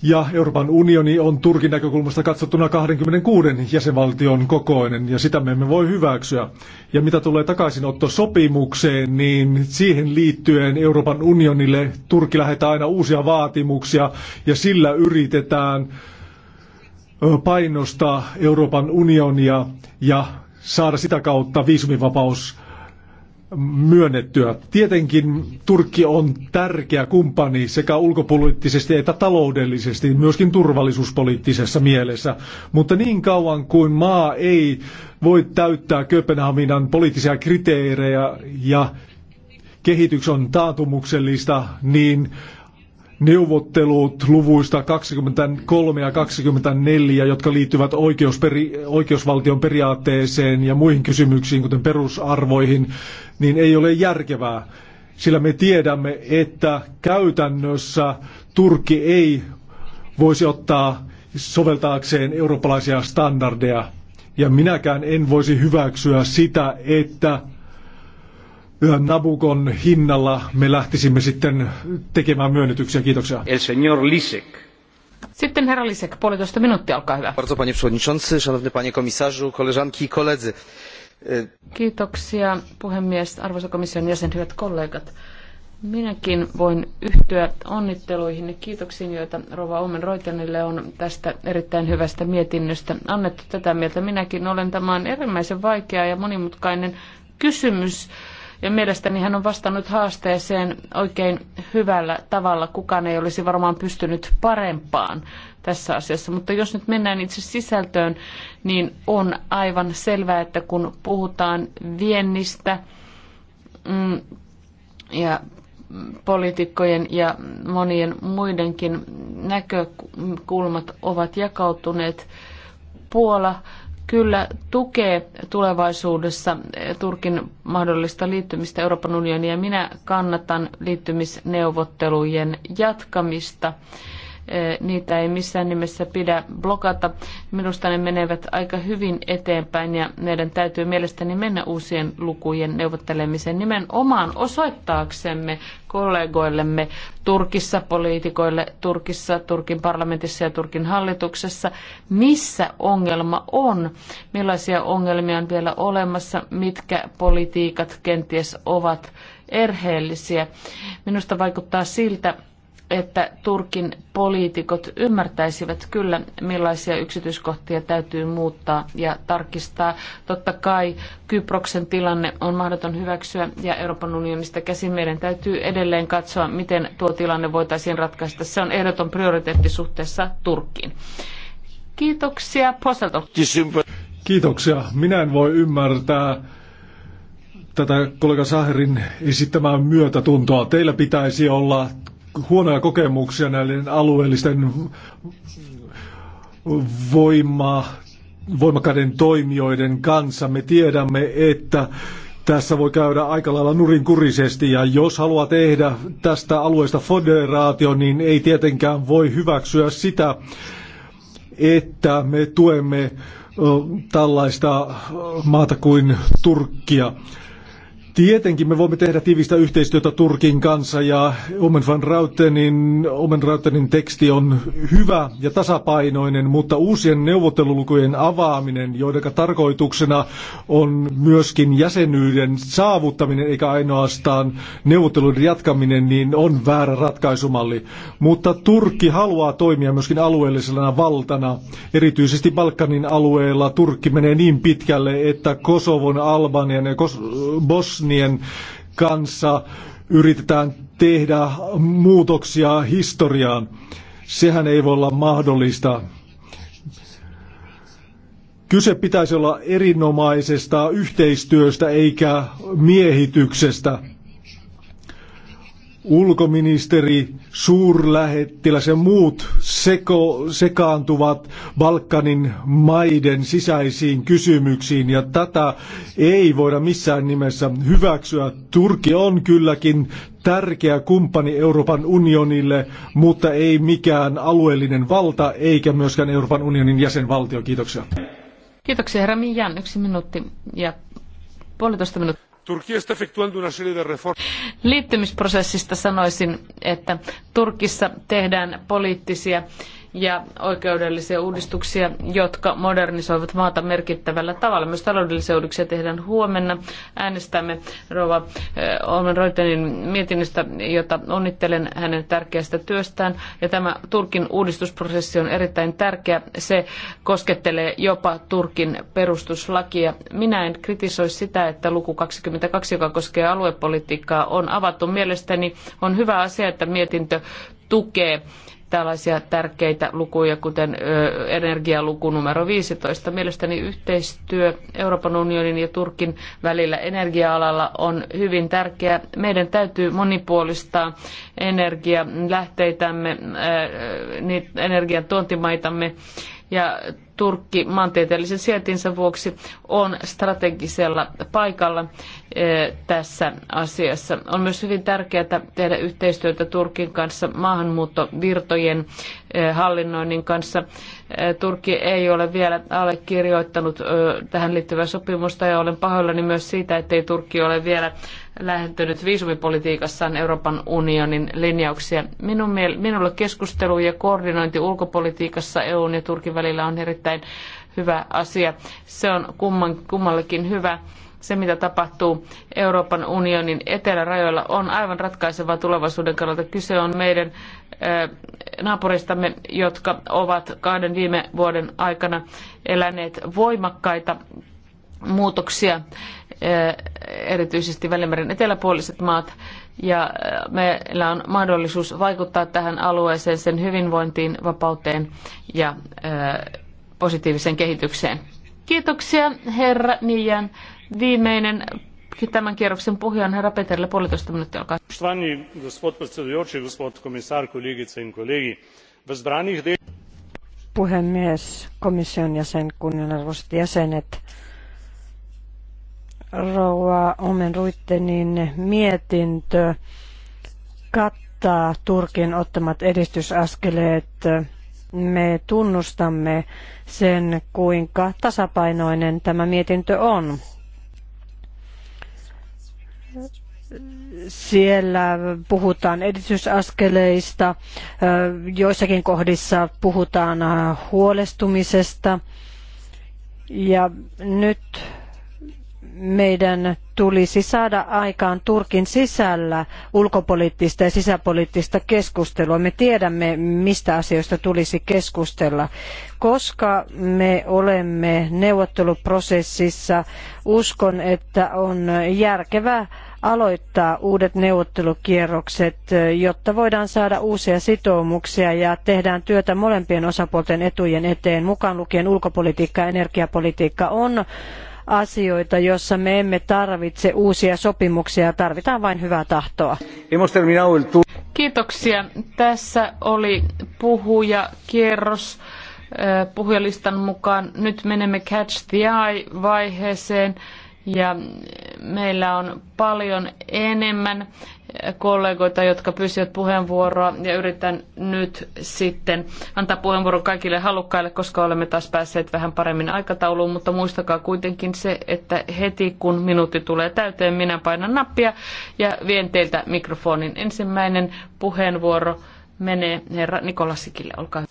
Ja Euroopan unioni on Turkin näkökulmasta katsottuna 26 jäsenvaltion kokoinen, ja sitä me emme voi hyväksyä. Ja mitä tulee takaisinottosopimukseen, niin siihen liittyen Euroopan unionille Turkki lähettää aina uusia vaatimuksia, ja sillä yritetään painostaa Euroopan unionia ja saada sitä kautta viisumivapaus myönnettyä. Tietenkin Turkki on tärkeä kumppani sekä ulkopoliittisesti että taloudellisesti, myöskin turvallisuuspoliittisessa mielessä. Mutta niin kauan kuin maa ei voi täyttää Kööpenhaminan poliittisia kriteerejä ja kehitys on taantumuksellista, niin neuvottelut luvuista 23 ja 24, jotka liittyvät oikeusperi- oikeusvaltion periaatteeseen ja muihin kysymyksiin, kuten perusarvoihin, niin ei ole järkevää. Sillä me tiedämme, että käytännössä Turkki ei voisi ottaa soveltaakseen eurooppalaisia standardeja. Ja minäkään en voisi hyväksyä sitä, että Nabukon hinnalla me lähtisimme sitten tekemään myönnytyksiä. Kiitoksia. El señor Lisek. Sitten herra Lisek, puolitoista minuuttia, olkaa hyvä. Bardzo panie przewodniczący, szanowny panie komisarzu, koleżanki i koledzy. E- Kiitoksia puhemies, arvoisa komission jäsen, hyvät kollegat. Minäkin voin yhtyä onnitteluihin ja kiitoksiin, joita Rova Omen Roitenille on tästä erittäin hyvästä mietinnöstä annettu. Tätä mieltä minäkin olen. tämän erimmäisen vaikea ja monimutkainen kysymys ja mielestäni hän on vastannut haasteeseen oikein hyvällä tavalla. Kukaan ei olisi varmaan pystynyt parempaan tässä asiassa. Mutta jos nyt mennään itse sisältöön, niin on aivan selvää, että kun puhutaan viennistä mm, ja poliitikkojen ja monien muidenkin näkökulmat ovat jakautuneet. Puola kyllä tukee tulevaisuudessa Turkin mahdollista liittymistä Euroopan unioniin ja minä kannatan liittymisneuvottelujen jatkamista niitä ei missään nimessä pidä blokata. Minusta ne menevät aika hyvin eteenpäin ja meidän täytyy mielestäni mennä uusien lukujen neuvottelemiseen nimenomaan osoittaaksemme kollegoillemme Turkissa, poliitikoille Turkissa, Turkin parlamentissa ja Turkin hallituksessa, missä ongelma on, millaisia ongelmia on vielä olemassa, mitkä politiikat kenties ovat erheellisiä. Minusta vaikuttaa siltä, että Turkin poliitikot ymmärtäisivät kyllä, millaisia yksityiskohtia täytyy muuttaa ja tarkistaa. Totta kai Kyproksen tilanne on mahdoton hyväksyä ja Euroopan unionista käsin meidän täytyy edelleen katsoa, miten tuo tilanne voitaisiin ratkaista. Se on ehdoton prioriteetti suhteessa Turkkiin. Kiitoksia, Poselto. Kiitoksia. Minä en voi ymmärtää tätä kollega Saherin esittämää myötätuntoa. Teillä pitäisi olla huonoja kokemuksia näiden alueellisten voima, voimakkaiden toimijoiden kanssa. Me tiedämme, että tässä voi käydä aika lailla nurinkurisesti ja jos haluaa tehdä tästä alueesta federaatio, niin ei tietenkään voi hyväksyä sitä, että me tuemme tällaista maata kuin Turkkia. Tietenkin me voimme tehdä tiivistä yhteistyötä Turkin kanssa ja Omen van Rautenin, Omen Rautenin teksti on hyvä ja tasapainoinen, mutta uusien neuvottelulukujen avaaminen, joiden tarkoituksena on myöskin jäsenyyden saavuttaminen eikä ainoastaan neuvotteluiden jatkaminen, niin on väärä ratkaisumalli. Mutta Turkki haluaa toimia myöskin alueellisena valtana. Erityisesti Balkanin alueella Turkki menee niin pitkälle, että Kosovon, Albanian ja Kos- Bos bosnien kanssa yritetään tehdä muutoksia historiaan. Sehän ei voi olla mahdollista. Kyse pitäisi olla erinomaisesta yhteistyöstä eikä miehityksestä ulkoministeri, suurlähettiläs ja muut seko, sekaantuvat Balkanin maiden sisäisiin kysymyksiin ja tätä ei voida missään nimessä hyväksyä. Turki on kylläkin tärkeä kumppani Euroopan unionille, mutta ei mikään alueellinen valta eikä myöskään Euroopan unionin jäsenvaltio. Kiitoksia. Kiitoksia herra Mijan. Yksi minuutti ja puolitoista minuuttia. Turkki está efectuando una serie de reformas. Liittymisprosessista sanoisin, että Turkissa tehdään poliittisia ja oikeudellisia uudistuksia, jotka modernisoivat maata merkittävällä tavalla. Myös taloudellisia uudistuksia tehdään huomenna. Äänestämme Rova eh, Olmen Reutenin mietinnöstä, jota onnittelen hänen tärkeästä työstään. Ja tämä Turkin uudistusprosessi on erittäin tärkeä. Se koskettelee jopa Turkin perustuslakia. Minä en kritisoi sitä, että luku 22, joka koskee aluepolitiikkaa, on avattu. Mielestäni on hyvä asia, että mietintö tukee tällaisia tärkeitä lukuja, kuten energialuku numero 15. Mielestäni yhteistyö Euroopan unionin ja Turkin välillä energia-alalla on hyvin tärkeää. Meidän täytyy monipuolistaa energialähteitämme, energian tuontimaitamme ja Turkki maantieteellisen sijaintinsa vuoksi on strategisella paikalla eh, tässä asiassa. On myös hyvin tärkeää tehdä yhteistyötä Turkin kanssa maahanmuuttovirtojen eh, hallinnoinnin kanssa. Eh, Turkki ei ole vielä allekirjoittanut tähän liittyvää sopimusta ja olen pahoillani myös siitä, ettei Turkki ole vielä lähentynyt viisumipolitiikassaan Euroopan unionin linjauksia. Minun, minulle keskustelu ja koordinointi ulkopolitiikassa EUn ja Turkin välillä on erittäin hyvä asia. Se on kumman, kummallekin hyvä. Se, mitä tapahtuu Euroopan unionin etelärajoilla, on aivan ratkaisevaa tulevaisuuden kannalta. Kyse on meidän naapuristamme, jotka ovat kahden viime vuoden aikana eläneet voimakkaita muutoksia erityisesti Välimeren eteläpuoliset maat, ja äh, meillä on mahdollisuus vaikuttaa tähän alueeseen, sen hyvinvointiin, vapauteen ja äh, positiiviseen kehitykseen. Kiitoksia herra Nijan. Viimeinen tämän kierroksen puhuja on herra Peterille puolitoista minuuttia. Olkaa. Poštovani Puhemies, komission jäsen, kunnianarvoiset jäsenet. Rouva Omen Ruittenin mietintö kattaa Turkin ottamat edistysaskeleet. Me tunnustamme sen, kuinka tasapainoinen tämä mietintö on siellä puhutaan edistysaskeleista, joissakin kohdissa puhutaan huolestumisesta. Ja nyt meidän tulisi saada aikaan Turkin sisällä ulkopoliittista ja sisäpoliittista keskustelua. Me tiedämme, mistä asioista tulisi keskustella. Koska me olemme neuvotteluprosessissa, uskon, että on järkevää aloittaa uudet neuvottelukierrokset, jotta voidaan saada uusia sitoumuksia ja tehdään työtä molempien osapuolten etujen eteen, mukaan lukien ulkopolitiikka ja energiapolitiikka on asioita, joissa me emme tarvitse uusia sopimuksia, tarvitaan vain hyvää tahtoa. Kiitoksia. Tässä oli puhujakierros eh, puhujalistan mukaan. Nyt menemme Catch the Eye-vaiheeseen ja meillä on paljon enemmän kollegoita, jotka pysyvät puheenvuoroa ja yritän nyt sitten antaa puheenvuoron kaikille halukkaille, koska olemme taas päässeet vähän paremmin aikatauluun, mutta muistakaa kuitenkin se, että heti kun minuutti tulee täyteen, minä painan nappia ja vien teiltä mikrofonin. Ensimmäinen puheenvuoro menee herra Nikolasikille, olkaa hyvä.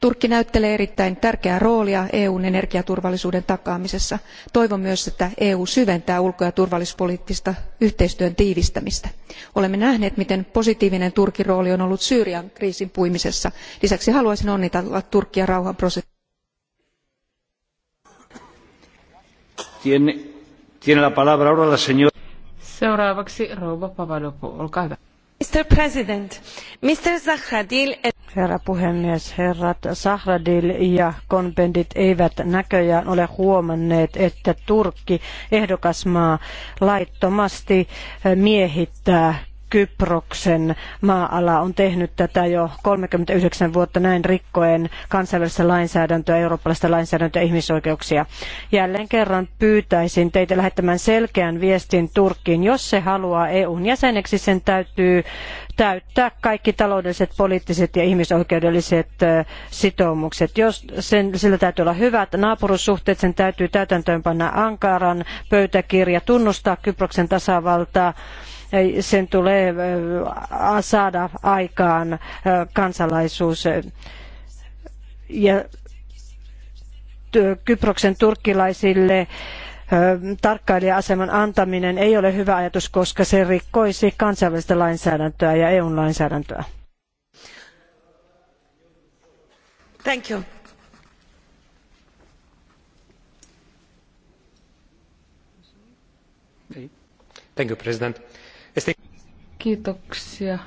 turkki näyttelee erittäin tärkeää roolia eun energiaturvallisuuden takaamisessa. toivon myös että eu syventää ulko ja turvallisuuspoliittista yhteistyön tiivistämistä. olemme nähneet miten positiivinen turkin rooli on ollut syyrian kriisin puimisessa. lisäksi haluaisin onnitella turkkia rauhanprosessista. Seuraavaksi rouva Mr. President, Mr. Zahradil... Herra puhemies, herrat Sahradil ja konpendit eivät näköjään ole huomanneet, että Turkki, ehdokasmaa, laittomasti miehittää Kyproksen maa-ala on tehnyt tätä jo 39 vuotta näin rikkoen kansainvälistä lainsäädäntöä, eurooppalaista lainsäädäntöä ja ihmisoikeuksia. Jälleen kerran pyytäisin teitä lähettämään selkeän viestin Turkkiin. Jos se haluaa EUn jäseneksi, sen täytyy täyttää kaikki taloudelliset, poliittiset ja ihmisoikeudelliset sitoumukset. Jos sen, sillä täytyy olla hyvät naapurussuhteet, sen täytyy täytäntöönpanna Ankaran pöytäkirja, tunnustaa Kyproksen tasavaltaa sen tulee saada aikaan kansalaisuus. Ja Kyproksen turkkilaisille tarkkailija-aseman antaminen ei ole hyvä ajatus, koska se rikkoisi kansainvälistä lainsäädäntöä ja EUn lainsäädäntöä. Thank you. Thank you, President Kiitoksia.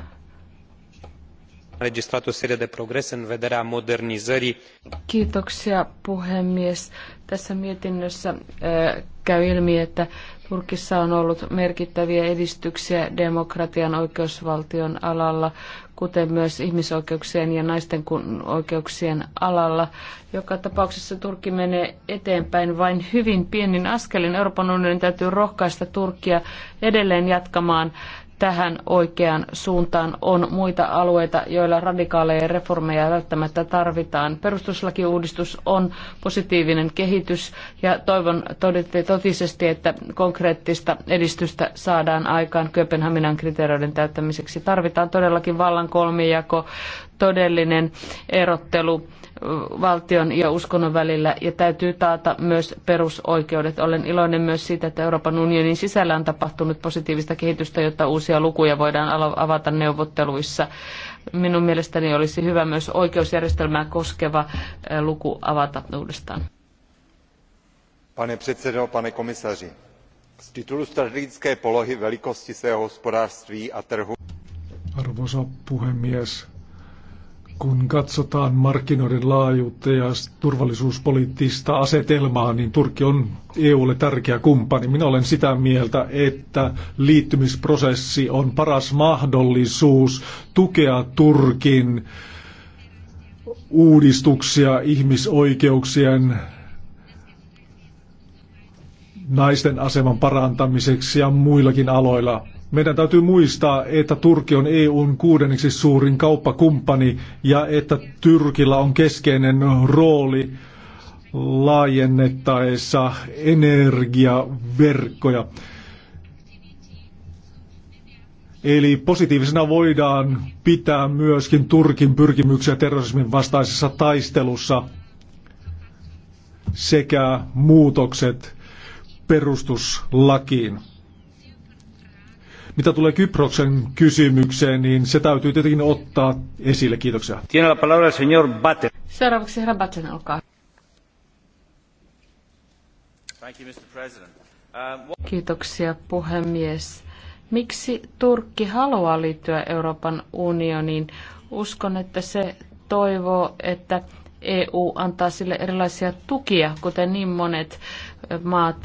Registrat o serie de progrese în vederea modernizării. Kiitoksia puhemies. Tässä mietinnössä eh, käy ilmi, että Turkissa on ollut merkittäviä edistyksiä demokratian oikeusvaltion alalla, kuten myös ihmisoikeuksien ja naisten oikeuksien alalla. Joka tapauksessa Turkki menee eteenpäin vain hyvin pienin askelin. Euroopan unionin täytyy rohkaista Turkkia edelleen jatkamaan tähän oikeaan suuntaan. On muita alueita, joilla radikaaleja reformeja välttämättä tarvitaan. Perustuslakiuudistus on positiivinen kehitys ja toivon totisesti, että konkreettista edistystä saadaan aikaan Kööpenhaminan kriteereiden täyttämiseksi. Tarvitaan todellakin vallan kolmijako, todellinen erottelu valtion ja uskonnon välillä ja täytyy taata myös perusoikeudet. Olen iloinen myös siitä, että Euroopan unionin sisällä on tapahtunut positiivista kehitystä, jotta uusia lukuja voidaan avata neuvotteluissa. Minun mielestäni olisi hyvä myös oikeusjärjestelmää koskeva luku avata uudestaan. Pane předsedo, pane komisaři, z titulu strategické polohy velikosti svého hospodářství a trhu. Arvoisa puhemies, kun katsotaan markkinoiden laajuutta ja turvallisuuspoliittista asetelmaa, niin Turkki on EUlle tärkeä kumppani. Minä olen sitä mieltä, että liittymisprosessi on paras mahdollisuus tukea Turkin uudistuksia ihmisoikeuksien naisten aseman parantamiseksi ja muillakin aloilla meidän täytyy muistaa, että Turkki on EUn kuudenneksi suurin kauppakumppani ja että Tyrkillä on keskeinen rooli laajennettaessa energiaverkkoja. Eli positiivisena voidaan pitää myöskin Turkin pyrkimyksiä terrorismin vastaisessa taistelussa sekä muutokset perustuslakiin. Mitä tulee Kyproksen kysymykseen, niin se täytyy tietenkin ottaa esille. Kiitoksia. Tiene la palabra el señor Batten. Seuraavaksi herra Batten, olkaa. Uh, Kiitoksia puhemies. Miksi Turkki haluaa liittyä Euroopan unioniin? Uskon, että se toivoo, että EU antaa sille erilaisia tukia, kuten niin monet maat,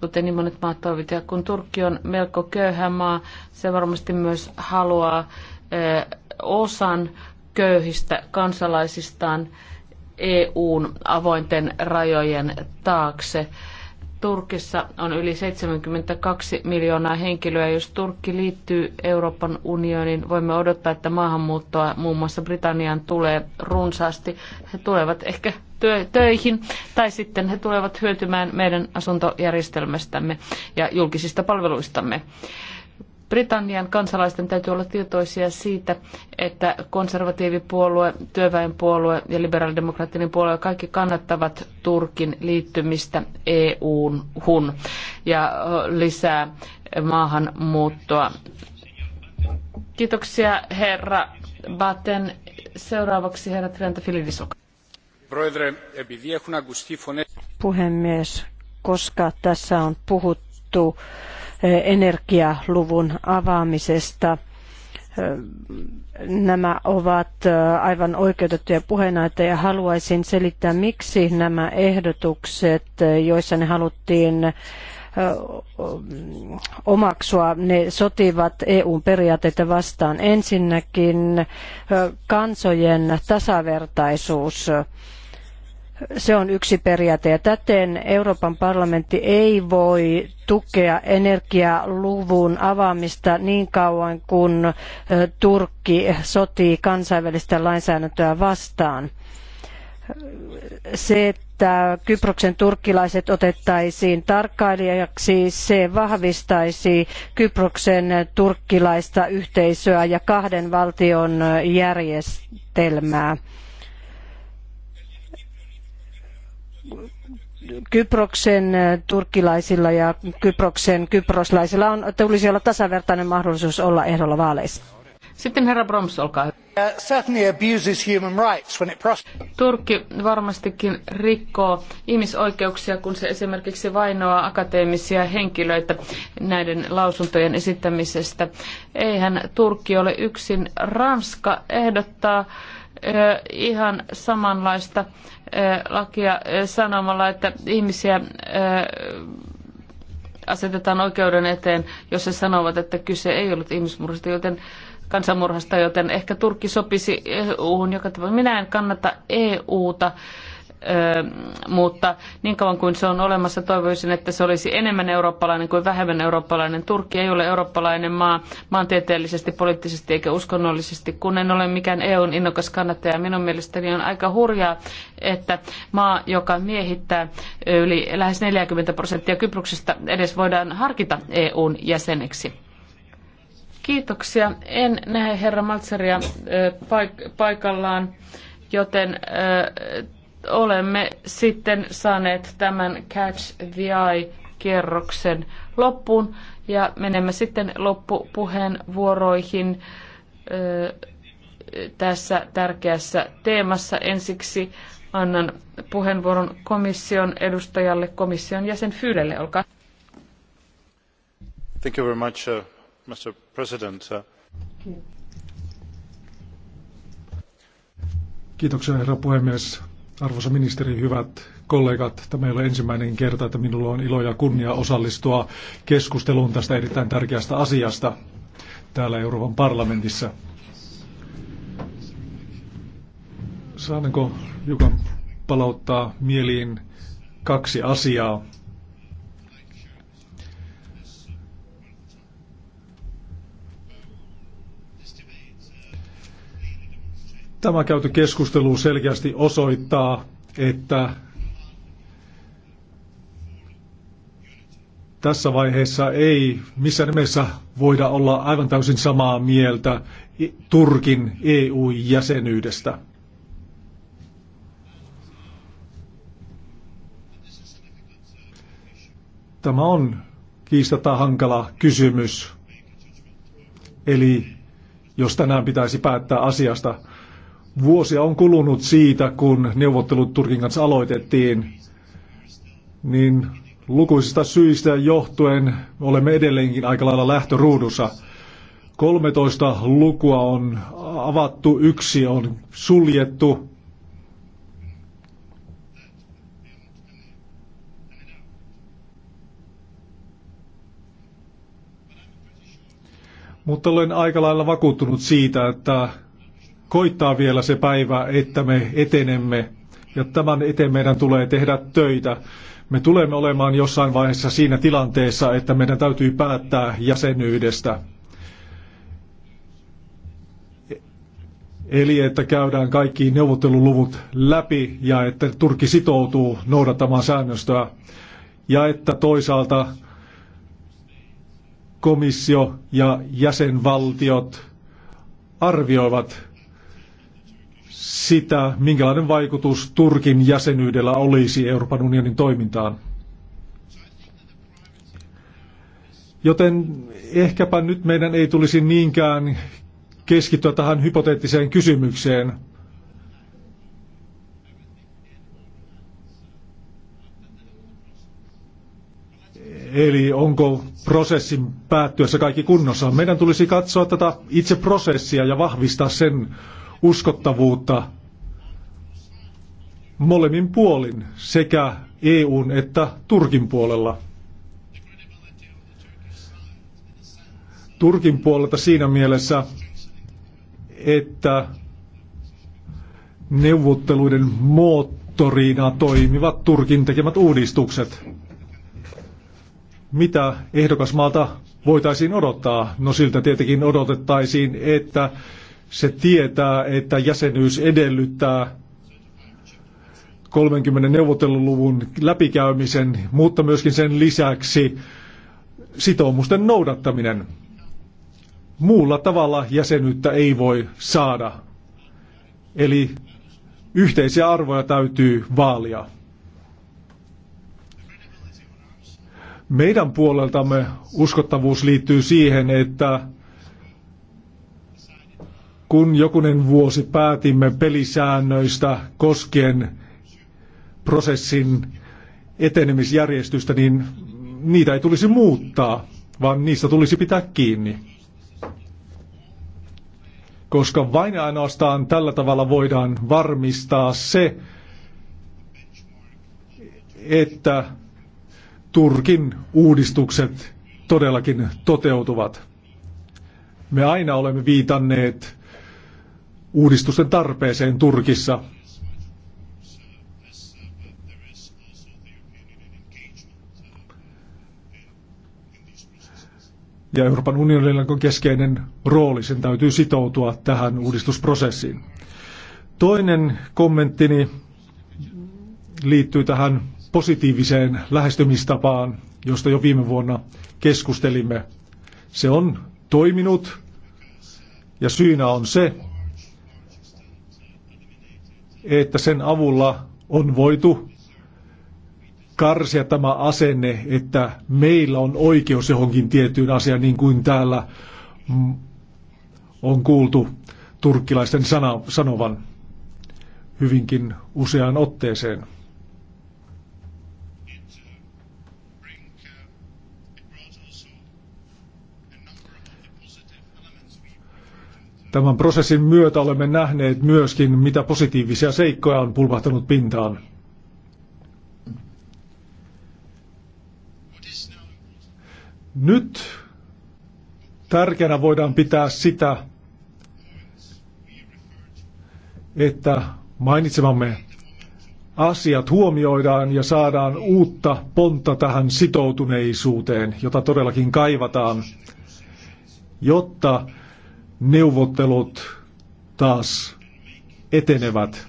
kuten niin monet maat toivat. Ja kun Turkki on melko köyhä maa, se varmasti myös haluaa eh, osan köyhistä kansalaisistaan EUn avointen rajojen taakse. Turkissa on yli 72 miljoonaa henkilöä. Jos Turkki liittyy Euroopan unioniin, voimme odottaa, että maahanmuuttoa muun muassa Britanniaan tulee runsaasti. He tulevat ehkä työ, töihin, tai sitten he tulevat hyötymään meidän asuntojärjestelmästämme ja julkisista palveluistamme. Britannian kansalaisten täytyy olla tietoisia siitä, että konservatiivipuolue, työväenpuolue ja liberaalidemokraattinen puolue kaikki kannattavat Turkin liittymistä EU-hun ja lisää maahanmuuttoa. Kiitoksia herra Baten. Seuraavaksi herra Trenta Puhemies, koska tässä on puhuttu energialuvun avaamisesta, nämä ovat aivan oikeutettuja puheenaiheita ja haluaisin selittää, miksi nämä ehdotukset, joissa ne haluttiin omaksua, ne sotivat EUn periaatteita vastaan. Ensinnäkin kansojen tasavertaisuus se on yksi periaate ja täten Euroopan parlamentti ei voi tukea energialuvun avaamista niin kauan kuin Turkki sotii kansainvälistä lainsäädäntöä vastaan. Se, että Kyproksen turkkilaiset otettaisiin tarkkailijaksi, se vahvistaisi Kyproksen turkkilaista yhteisöä ja kahden valtion järjestelmää. Kyproksen eh, turkkilaisilla ja Kyproksen kyproslaisilla on, tulisi olla tasavertainen mahdollisuus olla ehdolla vaaleissa. Sitten herra Broms, olkaa hyvä. Uh, Turkki varmastikin rikkoo ihmisoikeuksia, kun se esimerkiksi vainoaa akateemisia henkilöitä näiden lausuntojen esittämisestä. Eihän Turkki ole yksin. Ranska ehdottaa eh, ihan samanlaista lakia sanomalla, että ihmisiä asetetaan oikeuden eteen, jos he sanovat, että kyse ei ollut ihmismurhasta, joten kansanmurhasta, joten ehkä Turkki sopisi EU-hun joka tapauksessa. Minä en kannata EUta. ta mutta niin kauan kuin se on olemassa, toivoisin, että se olisi enemmän eurooppalainen kuin vähemmän eurooppalainen. Turkki ei ole eurooppalainen maa maantieteellisesti, poliittisesti eikä uskonnollisesti, kun en ole mikään EUn innokas kannattaja. Minun mielestäni on aika hurjaa, että maa, joka miehittää yli lähes 40 prosenttia Kyproksesta, edes voidaan harkita EUn jäseneksi. Kiitoksia. En näe herra Maltseria paikallaan, joten olemme sitten saaneet tämän Catch the Eye-kierroksen loppuun ja menemme sitten loppupuheenvuoroihin ö, tässä tärkeässä teemassa. Ensiksi annan puheenvuoron komission edustajalle, komission jäsen Fyylelle. Olkaa. Thank you very much, uh, Mr. President. Uh, Kiitoksia, herra puhemies. Arvoisa ministeri, hyvät kollegat, tämä ei ole ensimmäinen kerta, että minulla on ilo ja kunnia osallistua keskusteluun tästä erittäin tärkeästä asiasta täällä Euroopan parlamentissa. Saanko jukan palauttaa mieliin kaksi asiaa? Tämä käyty keskustelu selkeästi osoittaa, että tässä vaiheessa ei missään nimessä voida olla aivan täysin samaa mieltä Turkin EU-jäsenyydestä. Tämä on kiistata hankala kysymys. Eli jos tänään pitäisi päättää asiasta, Vuosia on kulunut siitä, kun neuvottelut Turkin kanssa aloitettiin, niin lukuisista syistä johtuen olemme edelleenkin aika lailla lähtöruudussa. 13 lukua on avattu, yksi on suljettu. Mutta olen aika lailla vakuuttunut siitä, että koittaa vielä se päivä, että me etenemme ja tämän eteen meidän tulee tehdä töitä. Me tulemme olemaan jossain vaiheessa siinä tilanteessa, että meidän täytyy päättää jäsenyydestä. Eli että käydään kaikki neuvotteluluvut läpi ja että Turkki sitoutuu noudattamaan säännöstöä. Ja että toisaalta komissio ja jäsenvaltiot arvioivat sitä, minkälainen vaikutus Turkin jäsenyydellä olisi Euroopan unionin toimintaan. Joten ehkäpä nyt meidän ei tulisi niinkään keskittyä tähän hypoteettiseen kysymykseen. Eli onko prosessin päättyessä kaikki kunnossa? Meidän tulisi katsoa tätä itse prosessia ja vahvistaa sen uskottavuutta molemmin puolin, sekä EUn että Turkin puolella. Turkin puolelta siinä mielessä, että neuvotteluiden moottorina toimivat Turkin tekemät uudistukset. Mitä ehdokasmaalta voitaisiin odottaa? No siltä tietenkin odotettaisiin, että se tietää, että jäsenyys edellyttää 30 neuvotteluluvun läpikäymisen, mutta myöskin sen lisäksi sitoumusten noudattaminen. Muulla tavalla jäsenyyttä ei voi saada. Eli yhteisiä arvoja täytyy vaalia. Meidän puoleltamme uskottavuus liittyy siihen, että kun jokunen vuosi päätimme pelisäännöistä koskien prosessin etenemisjärjestystä, niin niitä ei tulisi muuttaa, vaan niistä tulisi pitää kiinni. Koska vain ja ainoastaan tällä tavalla voidaan varmistaa se, että Turkin uudistukset todellakin toteutuvat. Me aina olemme viitanneet uudistusten tarpeeseen Turkissa. Ja Euroopan unionilla on keskeinen rooli, sen täytyy sitoutua tähän uudistusprosessiin. Toinen kommenttini liittyy tähän positiiviseen lähestymistapaan, josta jo viime vuonna keskustelimme. Se on toiminut ja syynä on se, että sen avulla on voitu karsia tämä asenne, että meillä on oikeus johonkin tiettyyn asiaan, niin kuin täällä mm, on kuultu turkkilaisten sana, sanovan hyvinkin useaan otteeseen. Tämän prosessin myötä olemme nähneet myöskin, mitä positiivisia seikkoja on pulpahtanut pintaan. Nyt tärkeänä voidaan pitää sitä, että mainitsemamme asiat huomioidaan ja saadaan uutta pontta tähän sitoutuneisuuteen, jota todellakin kaivataan, jotta neuvottelut taas etenevät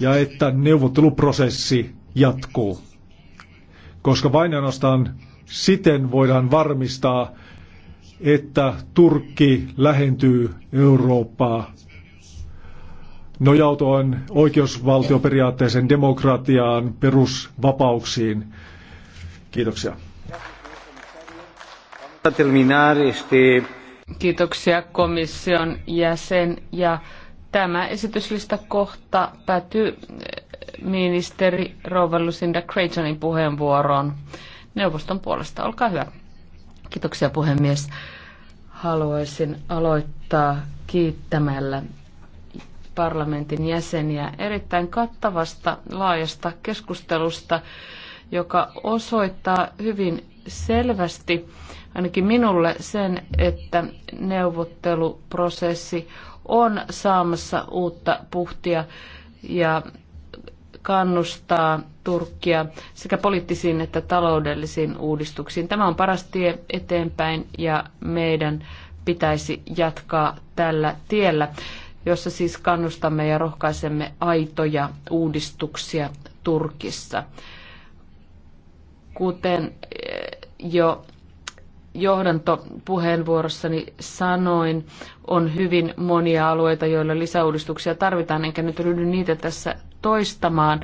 ja että neuvotteluprosessi jatkuu. Koska vain ainoastaan siten voidaan varmistaa, että Turkki lähentyy Eurooppaa nojautuen oikeusvaltioperiaatteeseen, demokratiaan, perusvapauksiin. Kiitoksia. Terminar este Kiitoksia komission jäsen. Ja tämä esityslista kohta päätyy eh, ministeri Rova Lucinda Creightonin puheenvuoroon neuvoston puolesta. Olkaa hyvä. Kiitoksia puhemies. Haluaisin aloittaa kiittämällä parlamentin jäseniä erittäin kattavasta laajasta keskustelusta, joka osoittaa hyvin selvästi, ainakin minulle, sen, että neuvotteluprosessi on saamassa uutta puhtia ja kannustaa Turkkia sekä poliittisiin että taloudellisiin uudistuksiin. Tämä on paras tie eteenpäin ja meidän pitäisi jatkaa tällä tiellä, jossa siis kannustamme ja rohkaisemme aitoja uudistuksia Turkissa. Kuten jo johdantopuheenvuorossani sanoin, on hyvin monia alueita, joilla lisäuudistuksia tarvitaan, enkä nyt ryhdy niitä tässä toistamaan,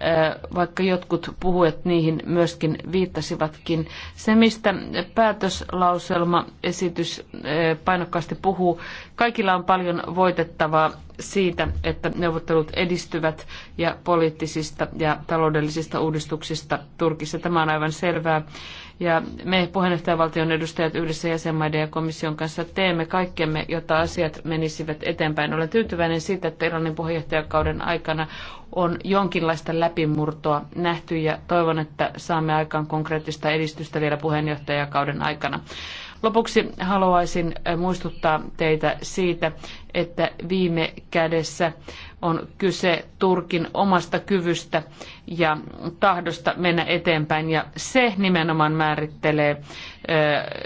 eh, vaikka jotkut puhujat niihin myöskin viittasivatkin. Se, mistä päätöslauselma esitys eh, painokkaasti puhuu, kaikilla on paljon voitettavaa siitä, että neuvottelut edistyvät ja poliittisista ja taloudellisista uudistuksista Turkissa. Tämä on aivan selvää. Ja me puheenjohtajavaltion edustajat yhdessä jäsenmaiden ja komission kanssa teemme kaikkemme, jotta asiat menisivät eteenpäin. Olen tyytyväinen siitä, että Irlannin puheenjohtajakauden aikana on jonkinlaista läpimurtoa nähty ja toivon, että saamme aikaan konkreettista edistystä vielä puheenjohtajakauden aikana. Lopuksi haluaisin muistuttaa teitä siitä, että viime kädessä on kyse Turkin omasta kyvystä ja tahdosta mennä eteenpäin. Ja se nimenomaan määrittelee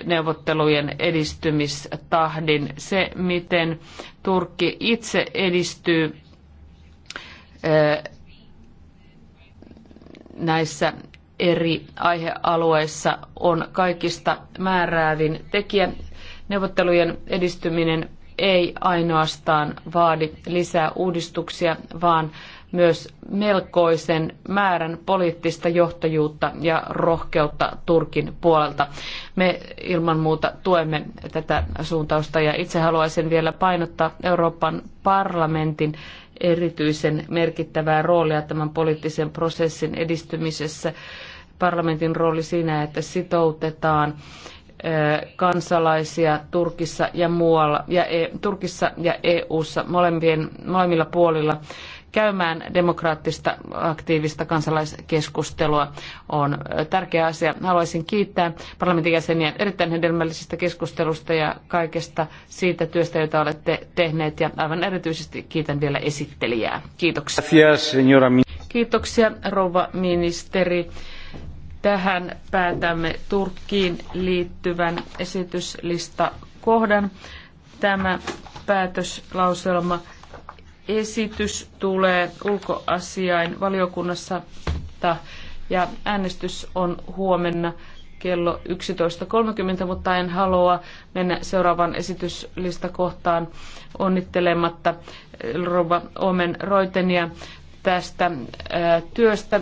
neuvottelujen edistymistahdin. Se, miten Turkki itse edistyy näissä eri aihealueissa on kaikista määräävin tekijä. Neuvottelujen edistyminen ei ainoastaan vaadi lisää uudistuksia, vaan myös melkoisen määrän poliittista johtajuutta ja rohkeutta Turkin puolelta. Me ilman muuta tuemme tätä suuntausta ja itse haluaisin vielä painottaa Euroopan parlamentin erityisen merkittävää roolia tämän poliittisen prosessin edistymisessä parlamentin rooli siinä, että sitoutetaan kansalaisia Turkissa ja muualla, ja e, Turkissa ja EU:ssa molempien, molemmilla puolilla käymään demokraattista aktiivista kansalaiskeskustelua on tärkeä asia. Haluaisin kiittää parlamentin jäseniä erittäin hedelmällisestä keskustelusta ja kaikesta siitä työstä, jota olette tehneet ja aivan erityisesti kiitän vielä esittelijää. Kiitoksia. Kiitoksia, rouva ministeri. Tähän päätämme Turkkiin liittyvän esityslista kohdan. Tämä päätöslauselma esitys tulee ulkoasiain valiokunnassa ja äänestys on huomenna kello 11.30, mutta en halua mennä seuraavaan esityslistakohtaan onnittelematta eh, Rova Omen Roitenia tästä eh, työstä.